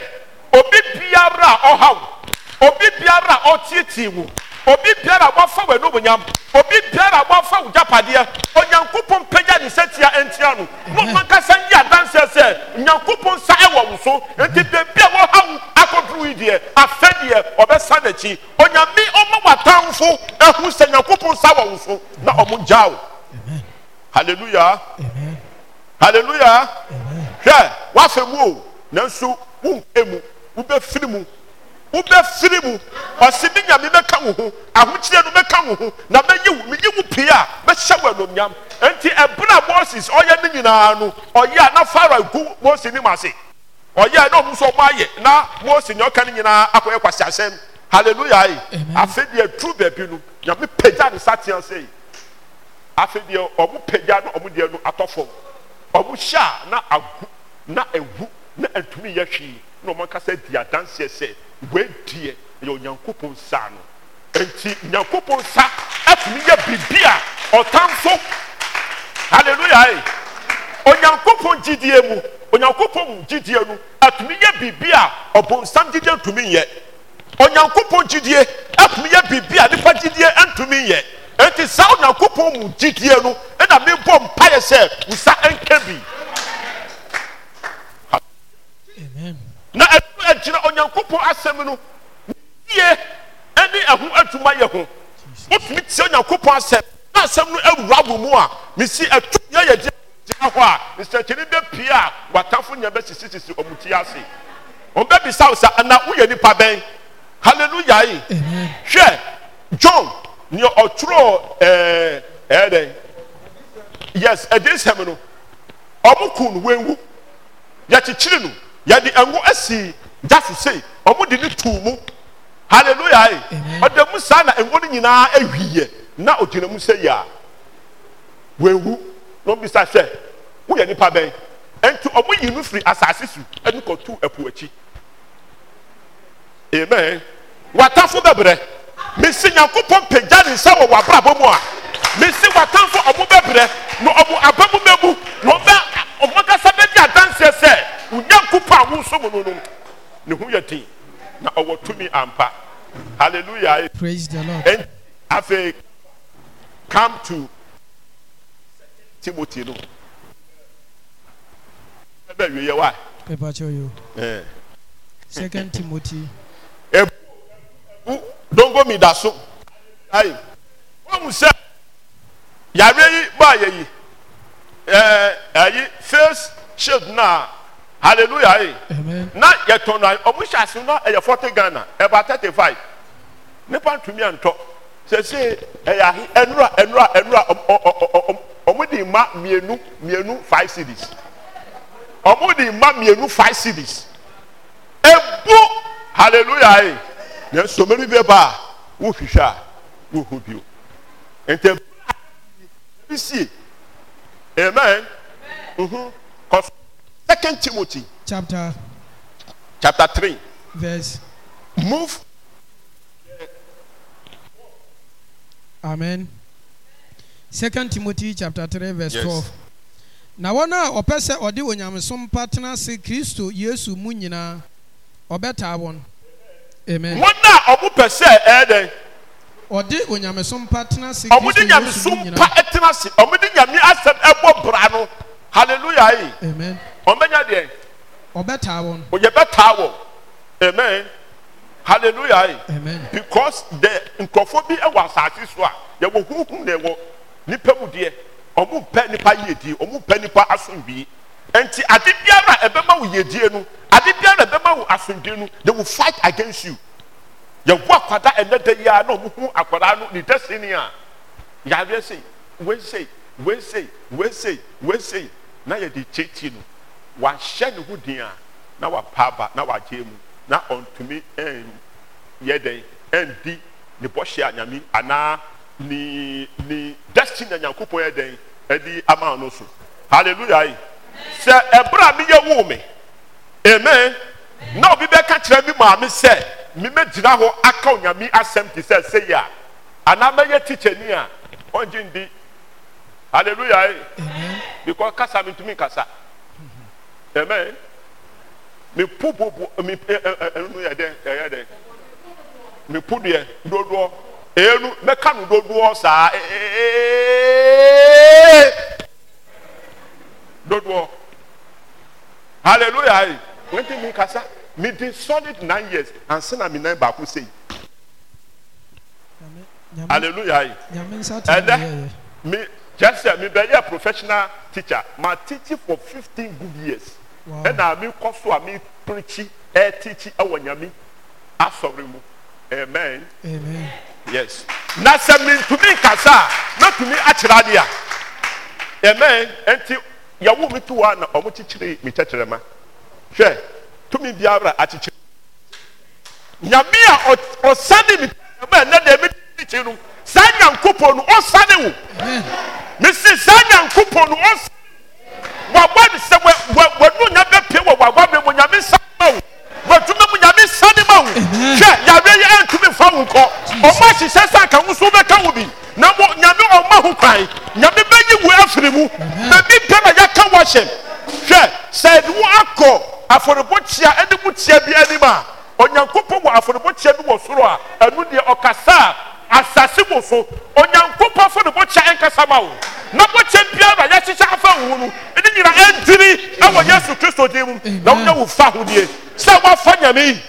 obi biara ɔhaw obi biara a ɔtietie wo obi biara a wafa wɔ anumunyam obi biara a wafa wɔ japadeɛ onyankopɔn pɛgya ne nsatia ntia no mo mankasa yi adanseɛ sɛ nyankopɔn nsa ɛwɔ wo so nti beebi a wɔha wo akɔduru yi deɛ afɛ deɛ ɔbɛsa n'akyi onyame ɔma w'atamfo ɛho sɛ nyankopɔn nsa wɔ wo so na ɔmo gya wo hallelujah hallelujah hwɛ wafɛ mu o nanso wo nkɛ mu wobɛfiri mu wobɛfiri mu ɔse me nyame mɛka wo ho na mɛyi wo wo pii a mɛhyɛ wo nti moses ɔyɛ ne nyinaa no ɔyɛ a na farao gu mose nim ase ɔyɛ a na ɔmo nso ɔmo ayɛ na ɔka ne nyinaa akɔyɛ hallelujah yi afɛdeɛ turu baabi no nyame ne satea yi afɛdeɛ ɔmo ɔmo deɛ no atɔ fam ɔmo hyɛ a na agu na ɛwu na ntumi yɛ hwee na ɔmo ankasa di adanseɛ weidiɛ yɛ onyankopɔn nsa no nti nyankopɔn nsa atumi yɛ biribi a ɔtamfo hallelujah eh. onyankopɔn gyidie mu onyankopɔn gyidie no atumi yɛ biribi a ɔbɔnsam gyidie ntumi yɛ onyankopɔn gyidie atumi yɛ biribi a nipa gyidie ntumi yɛ nti saa onyankopɔn mu gyidie no ɛna mi bɔ mpaeɛ sɛ nsa nka Amen na ɛtu agyina onyankopɔn asɛm no yie ɛne ɛho adwuma yɛ ho wotumi tie onyankopɔn asɛm na asɛm no awura wɔ mu a mesi ɛtu yɛ yɛ gyina gyina hɔ a nsɛnkyerɛnne bɛ pie a watamfo nyɛ bɛ sisisisi wɔn ti ase wɔn bɛ bisa wosa ana woyɛ nipa bɛn hallelujah yi hwɛ john nea ɔtwerɛ ɛɛ ɛɛ dɛ yes ɛdi nsɛm no ɔmo kun no ewu yɛ kyikyiri no. yɛde ngo asi gya so sei ɔmo de ne tuu mu hallelujah ɔda eh. mu saa na ngo no nyinaa ahwiɛ na ogyina mu se yi a wewu na ɔbisa hwɛ woyɛ nipa bɛn nti ɔmo yi no firi asase so ɛne kɔtu ɛpo akyi amen watafo bɛbrɛ mesi nyankopɔn pagya ne nsa wɔ w'abrabɔ mu a mesi watamfo ɔmo bɛbrɛ na ɔmo abamu bɛmu na ɔmo ankasa bɛdi adanseɛ sɛ pupa a mu no ne ho yɛ den na ɔwɔ tumi ampa hallelujah praise the lord and afei come to timothy no ɛbɛ wie yɛ wa. pepa kyerɛ yo eh. second timothy. ebu dongo mi da so ayi wọn mu sẹ yàrá yi báyẹ yi ẹ ẹ yi face náà hallelujah yi na yɛtɔ na ɔmo hyɛ ase no ɛyɛ forty ghana ɛba thirty five nipa ntumi antɔ sese ɛyɛ ahi ɛnura ɛnura ɛnura ɔmo di mma mienu mienu five cities ɔmo di mma mienu five cities ebu hallelujah yi na nsọmọri bɛ ba wohwehwɛ a wohu bio ntɛ bi sie amen nhun kɔsɔ. Second Timothy chapter chapter 3 verse move Amen. Second Timothy chapter 3 verse yes. 12. Na wɔn a ɔpɛ sɛ ɔde onyamesom pa tena ase Kristo Yesu mu nyinaa ɔbɛtaa wɔn. Amen. Wɔn a ɔmo pɛ sɛ ɛyɛ eh, dɛ. Ɔde onyamesom pa tena ase Kristo Yesu mu nyinaa. Ɔmo de nyamesom pa tena ase. Ɔmo de nyame asɛm ɛbɔ bra no. Hallelujah. Eh. Amen. ɔmbɛnya deɛ ɔbɛtaa wɔn amen hallelujah amen because the nkurɔfoɔ bi wɔ asase so a yɛwɔ huhum na ɛwɔ nipa mu deɛ ɔmo mpɛ nipa yiedie ɔmo mpɛ nipa asomdwie nti ade biara ɛbɛma wo yiedie no ade biara ɛbɛma wo asomdwie no they will fight against you yɛwɔ akwadaa ɛnɛ dɛ yia na ɔmo hu akwadaa no ne destiny a yareɛ sei wei sei wei sei wei sei wei sei na yɛde kyekyere no. wahyɛ ne ho din a na wapa aba na wagye mu na ɔntumi ɛnyɛ dɛn ɛndi ne bɔhyɛ a nyame anaa ne ne destiny a nyankopɔn yɛ dɛn ɛdi ama no so hallelujah yi sɛ ɛbrɛ a meyɛ woo me amen na obi bɛka kyerɛ mi maame sɛ mimegyina hɔ aka onyame asɛm te sɛ seyi a anaa mɛyɛ tikyani a ɔngye ndi hallelujah yi because kasa mi amen me pu bu bu me enu yɛ dɛ ɛyɛ dɛ me pu deɛ dodoɔ enu mɛka no dodoɔ saa ee hallelujah yi nti mi nkasa di solid nine years ansa na mi nan baako seyi hallelujah yi ya mi kyerɛ sɛ mi ya professional teacher ma titi for 15 good years. ɛna mekɔ so a mepreakyi ɛɛtikyi ɛwɔ nyame asɔre mu amen yes na sɛ tumi kasa, na tumi akyerɛ ade a amen ɛnti yɛwo me to a na ɔmo kyekyere me kyɛkyerɛma hwɛ tumi biara akyekyere nyame a ɔsane me kyɛkyerɛma ɛnɛ deɛ mede kyekyi no saa nyankopɔn no afɔrebɔkyea ne mu kyea bi anim a onyankopɔn wɔ afɔrebɔkyea bi wɔ soro a ɛno deɛ ɔkasa a asase wo so onyankopɔn afɔrebɔkyea nkasa ma wo na bɔkyea biara yɛahyehyɛ afa wo no ne nyina ɛntini ɛwɔ yesu kristo din mu na wonyɛ wo fa ahodeɛ sɛ woafa nyame yi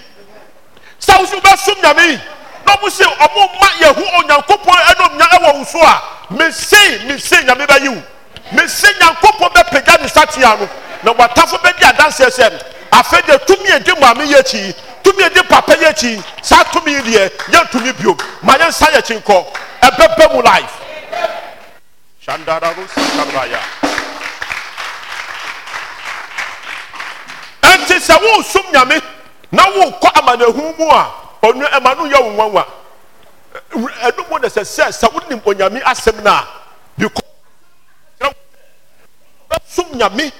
sɛ wo so wobɛsom nyame yi na ɔmo se ɔmo ma yɛho onyankopɔn ɛnom nya ɛwɔ wo so a mesei mesei nyame bɛyi wo mese nyankopɔn bɛpagya ne satea no na watafo bɛdi adanseɛ sɛ afei deɛ tumi edi maame yɛ akyi tumi edi papa yɛ akyi saa tumi yi deɛ yɛn tumi bio ma yɛn nsa yɛ akyi nkɔ ɛbɛbɛ mu life shandararu sakaraya ɛnti sɛ wosum nyame na wokɔ amanahu mu a ɔno ɛma no yɛ wo nwanwa ɛnum na sɛ sɛ sɛ wonim onyame asɛm no a because ɔbɛsom nyame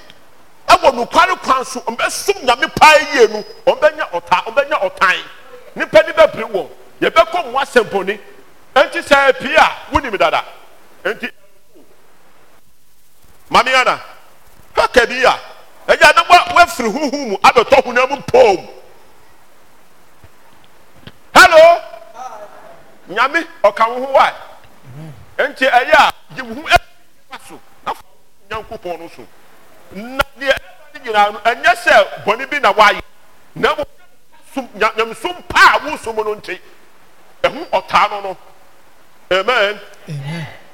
ɛwɔ nokware kwan so ɔbɛsom nyame paa yie no ɔbɛnya ɔta ɔbɛnya ɔtan nipa ni bɛpiri wɔn yɛbɛkɔ mu asɛmpɔni ɛnti sɛ pii a wunim dada ɛnti maame yana hɛkɛ bi a ɛyɛ anabɔ wɛfiri huhu mu abɛtɔ hunam mu pɔm hello nyame ɔka ho wa ɛnti ɛyɛ a yi hu ɛ. nyankopɔn no so na deɛ ɛba ne nyinaa no ɛnyɛ sɛ bɔne bi na wayɛ na mmom nyamsom pa a wosom no nti ɛho ɔtaa no no amen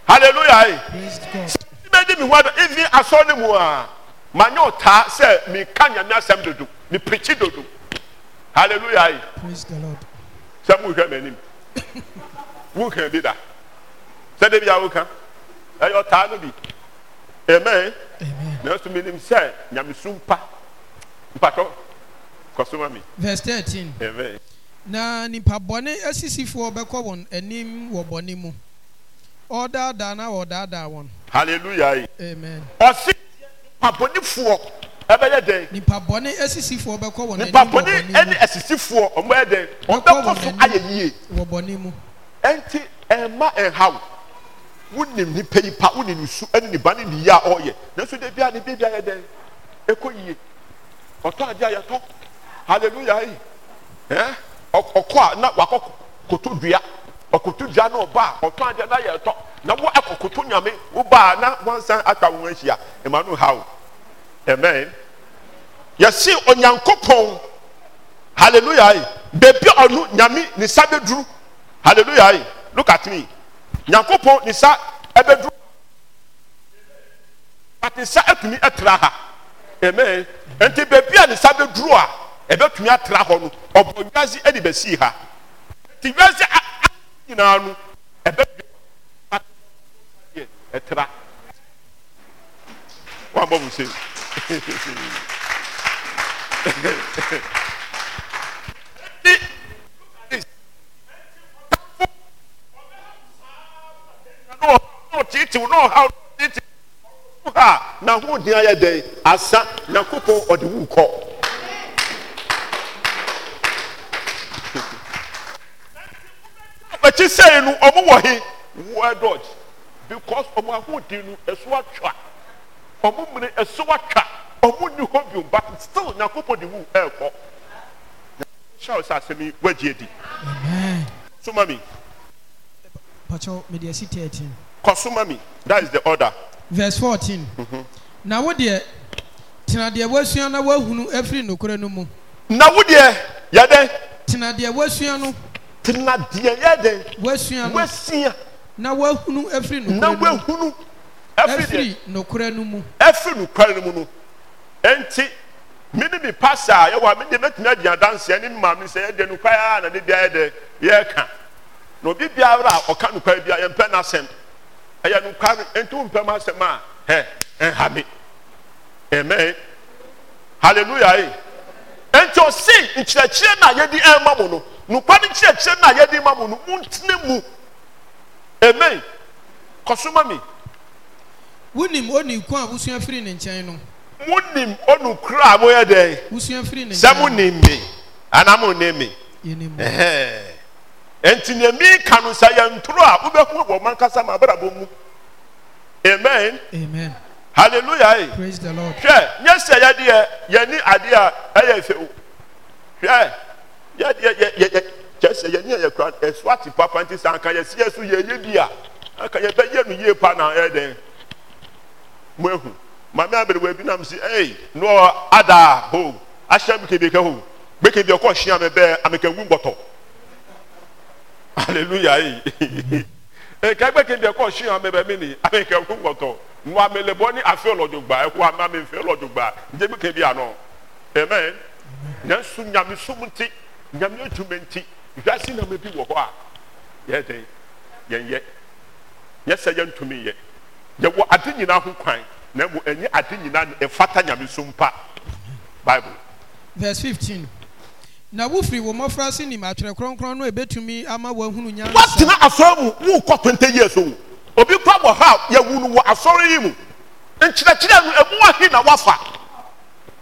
hallelujah sɛ mɛdi me ho adɔ even asɔ ne mu a manyɛ ɔtaa sɛ meka nyame asɛm dodo mepirikyi dodo hallelujah sɛ mohwɛ m'anim woka bi da sɛ de bia woka ɛyɛ ɔtaa no bi amen nanso menim sɛ nyamesu mpa mpatɔ kɔsoma me verse thirteen. amen na nipa bɔne asisifoɔ bɛkɔ wɔn anim wɔ bɔne mu ɔdaadaa na wɔdaadaa wɔn hallelujah amen ɔsi paponifoɔ ɛbɛyɛ dɛn nipa bɔne asisifoɔ bɛkɔ wɔn anim nipa bɔne ɛne asisifoɔ ɔmo yɛ dɛn ɔmo bɛkɔ so ayɛ yie wɔ bɔne mu ɛnti ɛma ɛnhaw wonim nipa yi pa wonim ne su ne ne ba ne ne yie a ɔreyɛ nanso de bia ne bia bia yɛ dɛn ɛkɔ yie ɔtɔ adi a yɛtɔ hallelujah yi ɛn ɔkɔ a na wakɔ koto dua ɔkoto dua na ɔba a ɔtɔ adi a na yɛtɔ na wo ɛkɔ koto nyame wo ba a na wansan atwa wɔn ahyia emmanuel how amen yɛsi onyankopɔn hallelujah yi beebi ɔno nyame ne nsa bɛ duru hallelujah yi look at me nyankopɔn ne nsa ɛbɛduru pati nsa atumi ɛtra ha amen nti beebi a ne nsa bɛduru a ɛbɛtumi atra hɔ no ɔbɔ wiase ɛde bɛsi ha nti wiase a a nyinaa no ɛbɛtumi pati yɛ ɛtra mu se. it will know how to is ha na ho di yɛ dɛn asa nyankopɔn ɔde wu kɔ akyi sɛɛ no ɔmo wɔ he wɔdɔd because ɔmo ahoɔden no ɛso atwa ɔmo mmiri ɛso atwa ɔmo ni hɔ bio but still nyankopɔn de wu ɛɛkɔ hyɛ ɔsɛ asɛm yi wagye adi so mami. pàtó mèdìyà sí tẹ́ẹ̀tì. kɔsoma mi that is the order. verse fourteen. Mm-hmm. na wo deɛ tena deɛ wasua na wahunu efiri nukuri no mu. na wo deɛ yɛ dɛ. tena deɛ wasua no. tena deɛ yɛ wasua no wasua. na wahunu efiri nukuri no mu. na wahunu efiri nukuri no mu. efiri nukuri no mu no enti mi ni mi pasa yɛ wɔ mi de mi tena di adansi ɛni mi maa mi sɛ yɛ de nukuri a na de bi a yɛ dɛ yɛ ka na obi biara a ɔka nukuri bi a yɛ mpɛ n'asɛm ɛyɛ nukwari ntu mpɛm asɛm a ɛ ɛha mi amen hallelujah yi eh. nti ɔsi nkyerɛkyerɛ na yɛdi ɛma mu no nukwari nkyerɛkyerɛ na yɛdi ma mu no mu ntene mu amen kɔsoma mi. wunim onukun a wusua firi ne nkyɛn no. munim onukuro a moyɛ dɛ. wusua firi ne nkyɛn. sɛ munim mi anam ne mi. yɛ ne mu. nti kanusa yɛ ntoro a wobɛhu wɔ mankasa ma mu amen amen hallelujah praise the lord hwɛ nyɛ sɛ yɛdeɛ yɛni adeɛ a ɛyɛ fɛ o hwɛ yɛdeɛ yɛ yɛ yɛ kyɛ sɛ yɛni a yɛkura ɛso ate papa nti sɛ anka yɛsi yɛ so bi a anka yɛbɛyɛ no yie pa na ɛyɛ mo ehu maame abiriwa nam si ɛy ada ho ahyɛn ho ɔkɔ bɔtɔ. hallelujah yi kẹgbẹ kẹndẹ kọ si hàn mẹbẹ mi ni àmì kẹkọ ngọtọ nwa mi lè bọ ní afẹ lọdọgba ẹkọ àmì àmì fẹ lọdọgba njẹ mi kẹbi àná amen yẹn sùn nyàmì sùn ti nyàmì ètùmẹ ti ìfẹsí nà mi bi wọ hɔ a yẹ dẹ yẹn yẹ yẹ sẹ yẹn ntumi yẹ yẹ wọ adi nyinaa ho kwan na mu ẹnyẹ adi nyinaa ẹfata nyàmì sùn pa bible. verse fifteen na wofiri wo mmɔfra se nim atwerɛ kronkron no ɛbɛtumi ama woahunu nyansa woatena asɔre mu worekɔ 20 years o obi kɔ bɔ ha yɛwu no wɔ asɔre yi mu nkyerɛkyerɛ no ɛmu ahe na woafa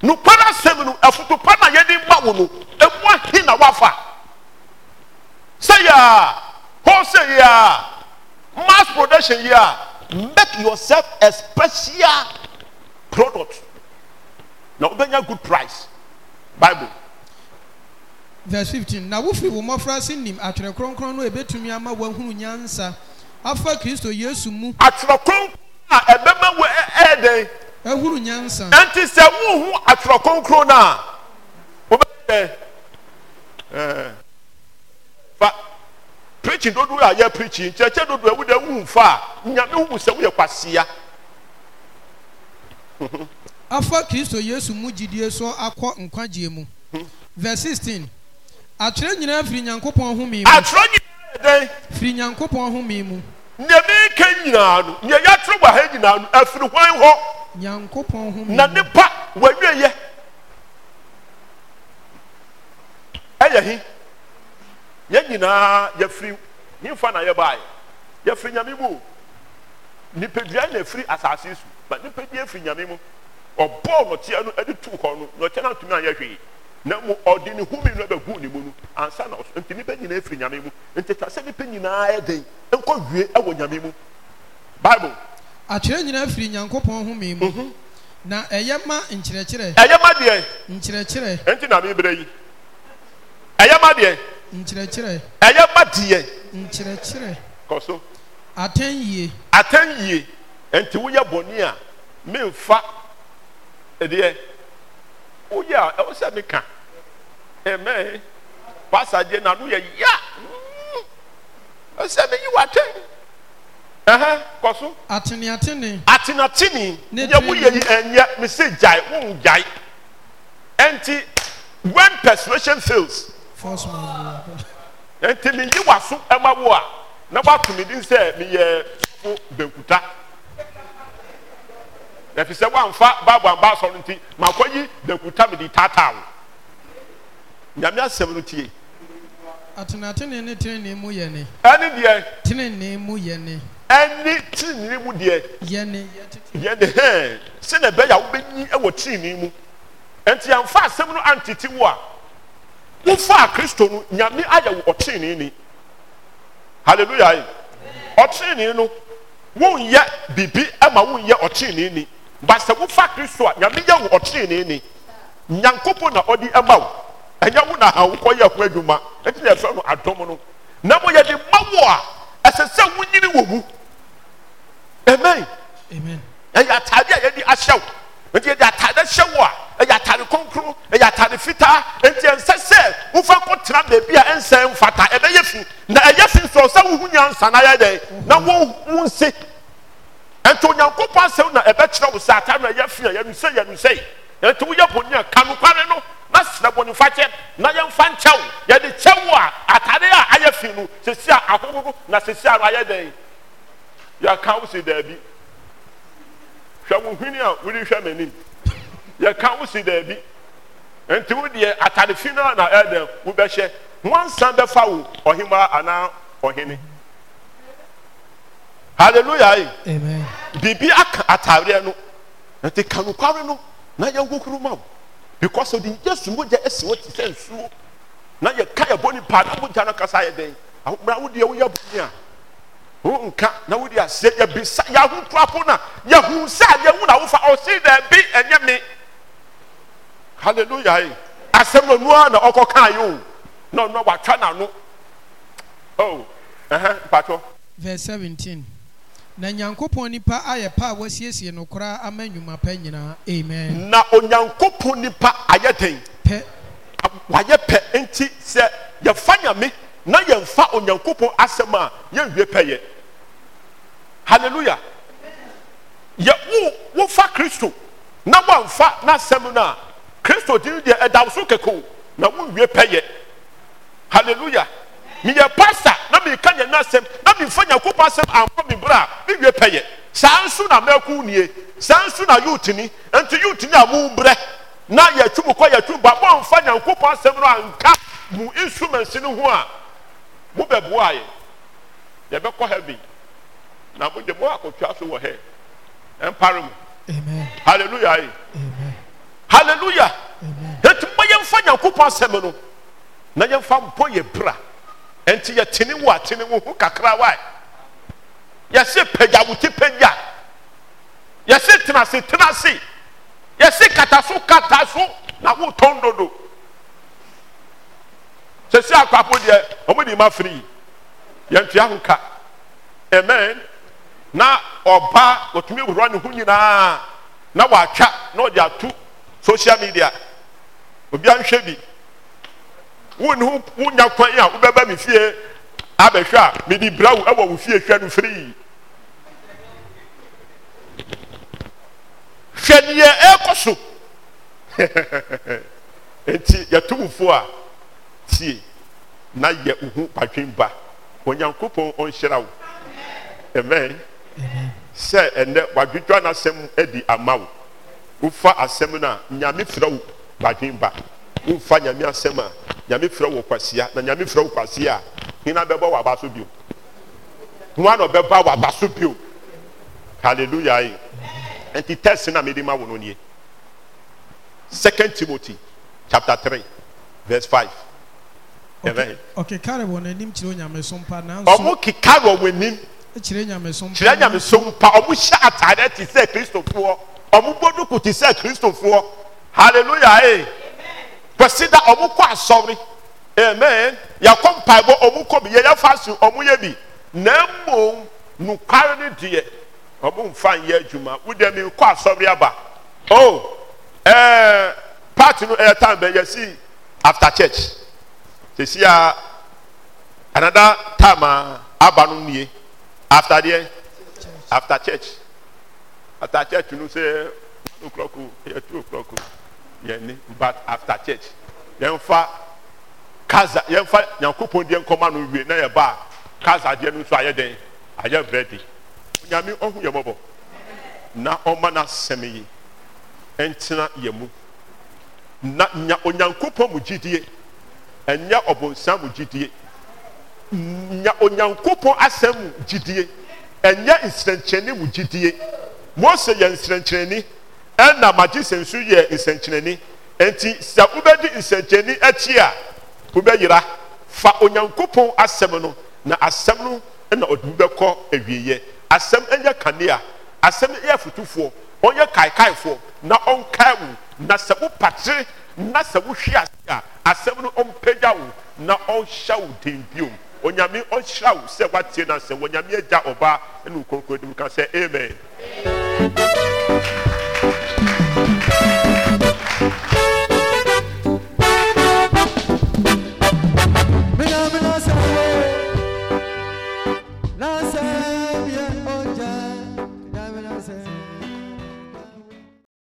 nokwara asɛm no afoto pa na yɛde ma wo no ɛmu ahe na woafa sɛ yɛ a wholesale yɛ a mass production yɛ a make yourself a special product na wobɛnya good price bible verse fifteen. na wofiri wo mmɔfra se nim atwerɛ kronkron no ɛbɛtumi ama woahunu nyansa afa kristo yesu mu atwerɛ kronkron a ɛbɛma wo ɛyɛ dɛn ɛhunu nyansa ɛnti sɛ wohu atwerɛ kronkron no a wobɛyɛ dɛn fa preaching dodo a yɛ preaching kyerɛkyɛ dodo a wode wohu fa a nyame wohu sɛ woyɛ kwasea afa kristo yesu mu gyidie so akɔ nkwagyeɛ mu verse sixteen atwerɛ nyinaa firi nyankopɔn home mu atwerɛ nyinaa yɛ dɛn firi nyankopɔn home mu nyɛ meka nyinaa no nyɛ yɛatwerɛ wɔ ha nyinaa no afiri hwan hɔ nyankopɔn home na nipa wɔawieyɛ ɛyɛ he yɛn nyinaa yɛfiri hemfa na yɛbaeɛ yɛfiri nyame mu nipadua na ɛfiri asase so ba nipadua firi nyame mu ɔbɔɔ nɔteɛ no de tuu hɔ no nɔteɛ no atumi anyɛ hwee na ɔde ne humi no bɛgu ni mu no ansa na ɔso nti nipa nyinaa firi nyame mu nti ta sɛ nipa nyinaa yɛ den nkɔ wie ɛwɔ nyame mu bible. atwerɛ nyinaa firi nyankopɔn humi mu mhm. na ɛyɛ ma nkyerɛkyerɛ. ɛyɛ ma deɛ. nkyerɛkyerɛ. nti na mi bere yi ɛyɛ ma deɛ. nkyerɛkyerɛ. ɛyɛ ma deɛ. nkyerɛkyerɛ. kɔ so. atɛn yie. atɛn yie nti woyɛ bɔnni a mi nfa ɛdeɛ woyɛ a ɛwɔ sɛ mi ka. amen pasa deɛ n'ano yɛ ya hmm. ɛsɛ mi yi wa tɛn ɛhɛn kɔ so. atenatene. atenatene yɛ wo yɛ ɛnyɛ mi se gyae wo gyae ɛnti when persuasion fails. false man. ɛnti mi yi wa so ɛma wo a na wa tumi di sɛ mi yɛ fo benkuta ɛfisɛ wa nfa baabu aba asɔrɔ nti ma kɔ yi benkuta mi di taataa wo. nyame asɛm no tie atenatene ne tenenee mu yɛ ne ɛne deɛ tenenee mu yɛ ne ɛne tenenee mu deɛ yɛ ne yɛ ne hɛn sɛnɛ bɛyɛ a wobɛnyi ɛwɔ tenenee mu nti yɛmfa asɛm no antete wo a wofaa kristo no nyame ayɛ wo ɔtenenee ni hallelujah ɔtenenee no wonyɛ biribi ɛma wonyɛ ɔtenenee ni ba sɛ wofa kristo a nyame yɛ wo ɔtenenee ni nyankopɔn na ɔde ɛma wo ɛnyɛ wo na awokɔ yɛ ho adwuma ɛti na yɛfrɛ no adɔm no na mo yɛde ma wo a ɛsɛ sɛ wonyini wɔ mu amen ɛyɛ atade a yɛde ahyɛ wo nti yɛde atade hyɛ wo a ɛyɛ atade kronkron ɛyɛ atade fitaa nti ɛnsɛ sɛ wofa kɔtena baabi a ɛnsɛ mfata ɛbɛyɛ fi na ɛyɛ fi nso sɛ wohu nyansa na yɛ na wo nse nti onyankopɔn asɛm na ɛbɛkyerɛ wo sɛ atade na ɛyɛ fi a yɛnu sɛ yɛnu sɛ woyɛ bɔnni a no na sena bɔnifa kyɛ na yɛmfa nkyɛw yɛde kyɛw a atade a ayɛ fi no sesi a ahododo na sesi a no ayɛ dɛn yɛka wo si daabi hwɛ wo hwini a worehwɛ m'anim yɛka wo si daabi nti wo deɛ atade fi no a na ɛyɛ e dɛn wobɛhyɛ wansan bɛfa wo ɔhema anaa ɔhene hallelujah amen biribi aka atareɛ no nti ka nokware no na yɛnkokuruma wo because ɔde yesu mogya asi wɔ te sɛ nsuo na yɛka yɛbɔ nipa na mogya no kasa yɛ dɛn ahomra wodeɛ woyɛ bɔne a wonka na wode aseɛ yɛbisa yɛahotoapo na yɛhu sɛ adeɛ hu na wofa ɔse daabi ɛnyɛ me halleluya e asɛm no noa na ɔkɔkaa yɛ o na ɔno watwa n'ano o oh, ɛhɛ uh-huh, mpatwɔ verse 17 na nyankopɔn nipa ayɛ pa a wɔasiesie no koraa ama penina pa nyinaa amen na onyankopɔn nipa ayɛ dɛn pɛ wayɛ pɛ nti sɛ yɛfa nyame na yɛmfa onyankopɔn asɛm a yɛnwie pɛyɛ halleluya yɛ wo wofa kristo na woamfa n'asɛm no a kristo din deɛ ɛda so kɛkɛ na wonwie pɛyɛ halleluya meyɛ pastor na meyɛka nyɛ n'asɛm na mefa nyankopɔn asɛm ankɔ me berɛ a mewie pɛyɛ saa nso na mɛku nie saa nso na yutini nti yutini a mobrɛ na yɛtwom kɔ yɛtwom ba mɔmfa nyankopɔn asɛm no anka mu instruments no ho a mobɛboaeɛ yɛbɛkɔ heaven na mode mo akɔtwa so wɔ hɛ ɛmpare mu halleluya ye halleluya ɛnti mɔ yɛmfa nyankopɔn asɛm no na yɛmfa mpɔ yɛ bra nti yɛtene wo atene wo ho kakra wae yɛse pagya wo ti pagya yɛse tena se tena se yɛse kata so kata so na wotɔn dodo sɛsi akwapo deɛ ɔmo de ma firi yɛntua ho ka amen na ɔba wɔtumi wura ne ho nyinaa na watwa na ɔde ato social media obi anhwɛ bi wone ho wonya kwan a wobɛba me fie abɛhwɛ a mede bra wo ɛwɔ wo fie hwɛ no firii hwɛ deɛ ɛrekɔ so nti yɛtomfoɔ a tie na yɛ wo ho badwen ba onyankopɔn ɔnhyira wo amen sɛ ɛnɛ wadwedwa n'asɛm adi e ama wo wofa asɛm no a nyame frɛ ba womfa nyame asɛm a nyame frɛ wo kwasia na nyame frɛ wo kwasia a hena bɛbɔ wɔ aba so bio hoa na ɔbɛba wɔ aba so bio halleluya yi nti test na mede ma wo no nie second timothy chapter three verse five. ɔkekare wɔ n'anim kyerɛ onyamesom pa nanso ɔmo kekare wɔ n'anim kyerɛ nyamesom pa kyerɛ nyamesom pa ɔmo hyɛ ataade te sɛ kristofoɔ ɔmo bɔ duku te sɛ kristofoɔ hallelujah ee. Hey kwasi da ɔmo kɔ asɔre amen yakɔ mpaebɔ ɔmo kɔ bi yɛyɛ faso ɔmo yɛ bi na mmom nukware ne deɛ ɔmo nfa nyɛ adwuma wudɛ mi kɔ asɔre aba o ɛɛ eh, paati no ɛyɛ time bɛ yɛsi after church sisi a another time a aba no nie after deɛ after church after church no sɛ two o'clock o ɛyɛ two o'clock o yɛn ni but after church yɛn fa kaza yɛn fa nyankopɔn deɛ nkɔma no wie na yɛ ba kaza deɛ no nso ayɛ den ayɛ brɛdi nyame ɔho yɛ mɔbɔ na ɔma n'asɛm yi ɛntena yɛ mu na nya onyankopɔn mu gyidie ɛnyɛ ɔbɔnsam mu gyidie nya onyankopɔn asɛm mu gyidie ɛnyɛ nsɛnkyerɛnne mu gyidie mose yɛ nsɛnkyerɛnne. ɛna magye nsɛnsu yɛ nsɛnkyerɛni nti sɛ wobɛdi nsɛnkyerɛni akyi a wobɛyera fa onyankopɔn asɛm no na asɛm no na ɔde wobɛkɔ awieeɛ asɛm ɛnyɛ kanea asɛm yɛ afotufoɔ ɔnyɛ kaekaefoɔ na ɔnkae wo na sɛ wopatre na sɛ wohwe ase a asɛm no ɔmpagya wo na ɔnhyɛ wo den biom onyame ɔnhyira wo sɛ woatie no asɛm onyame agya ɔba ne wo kronkron dim ka sɛ amen Me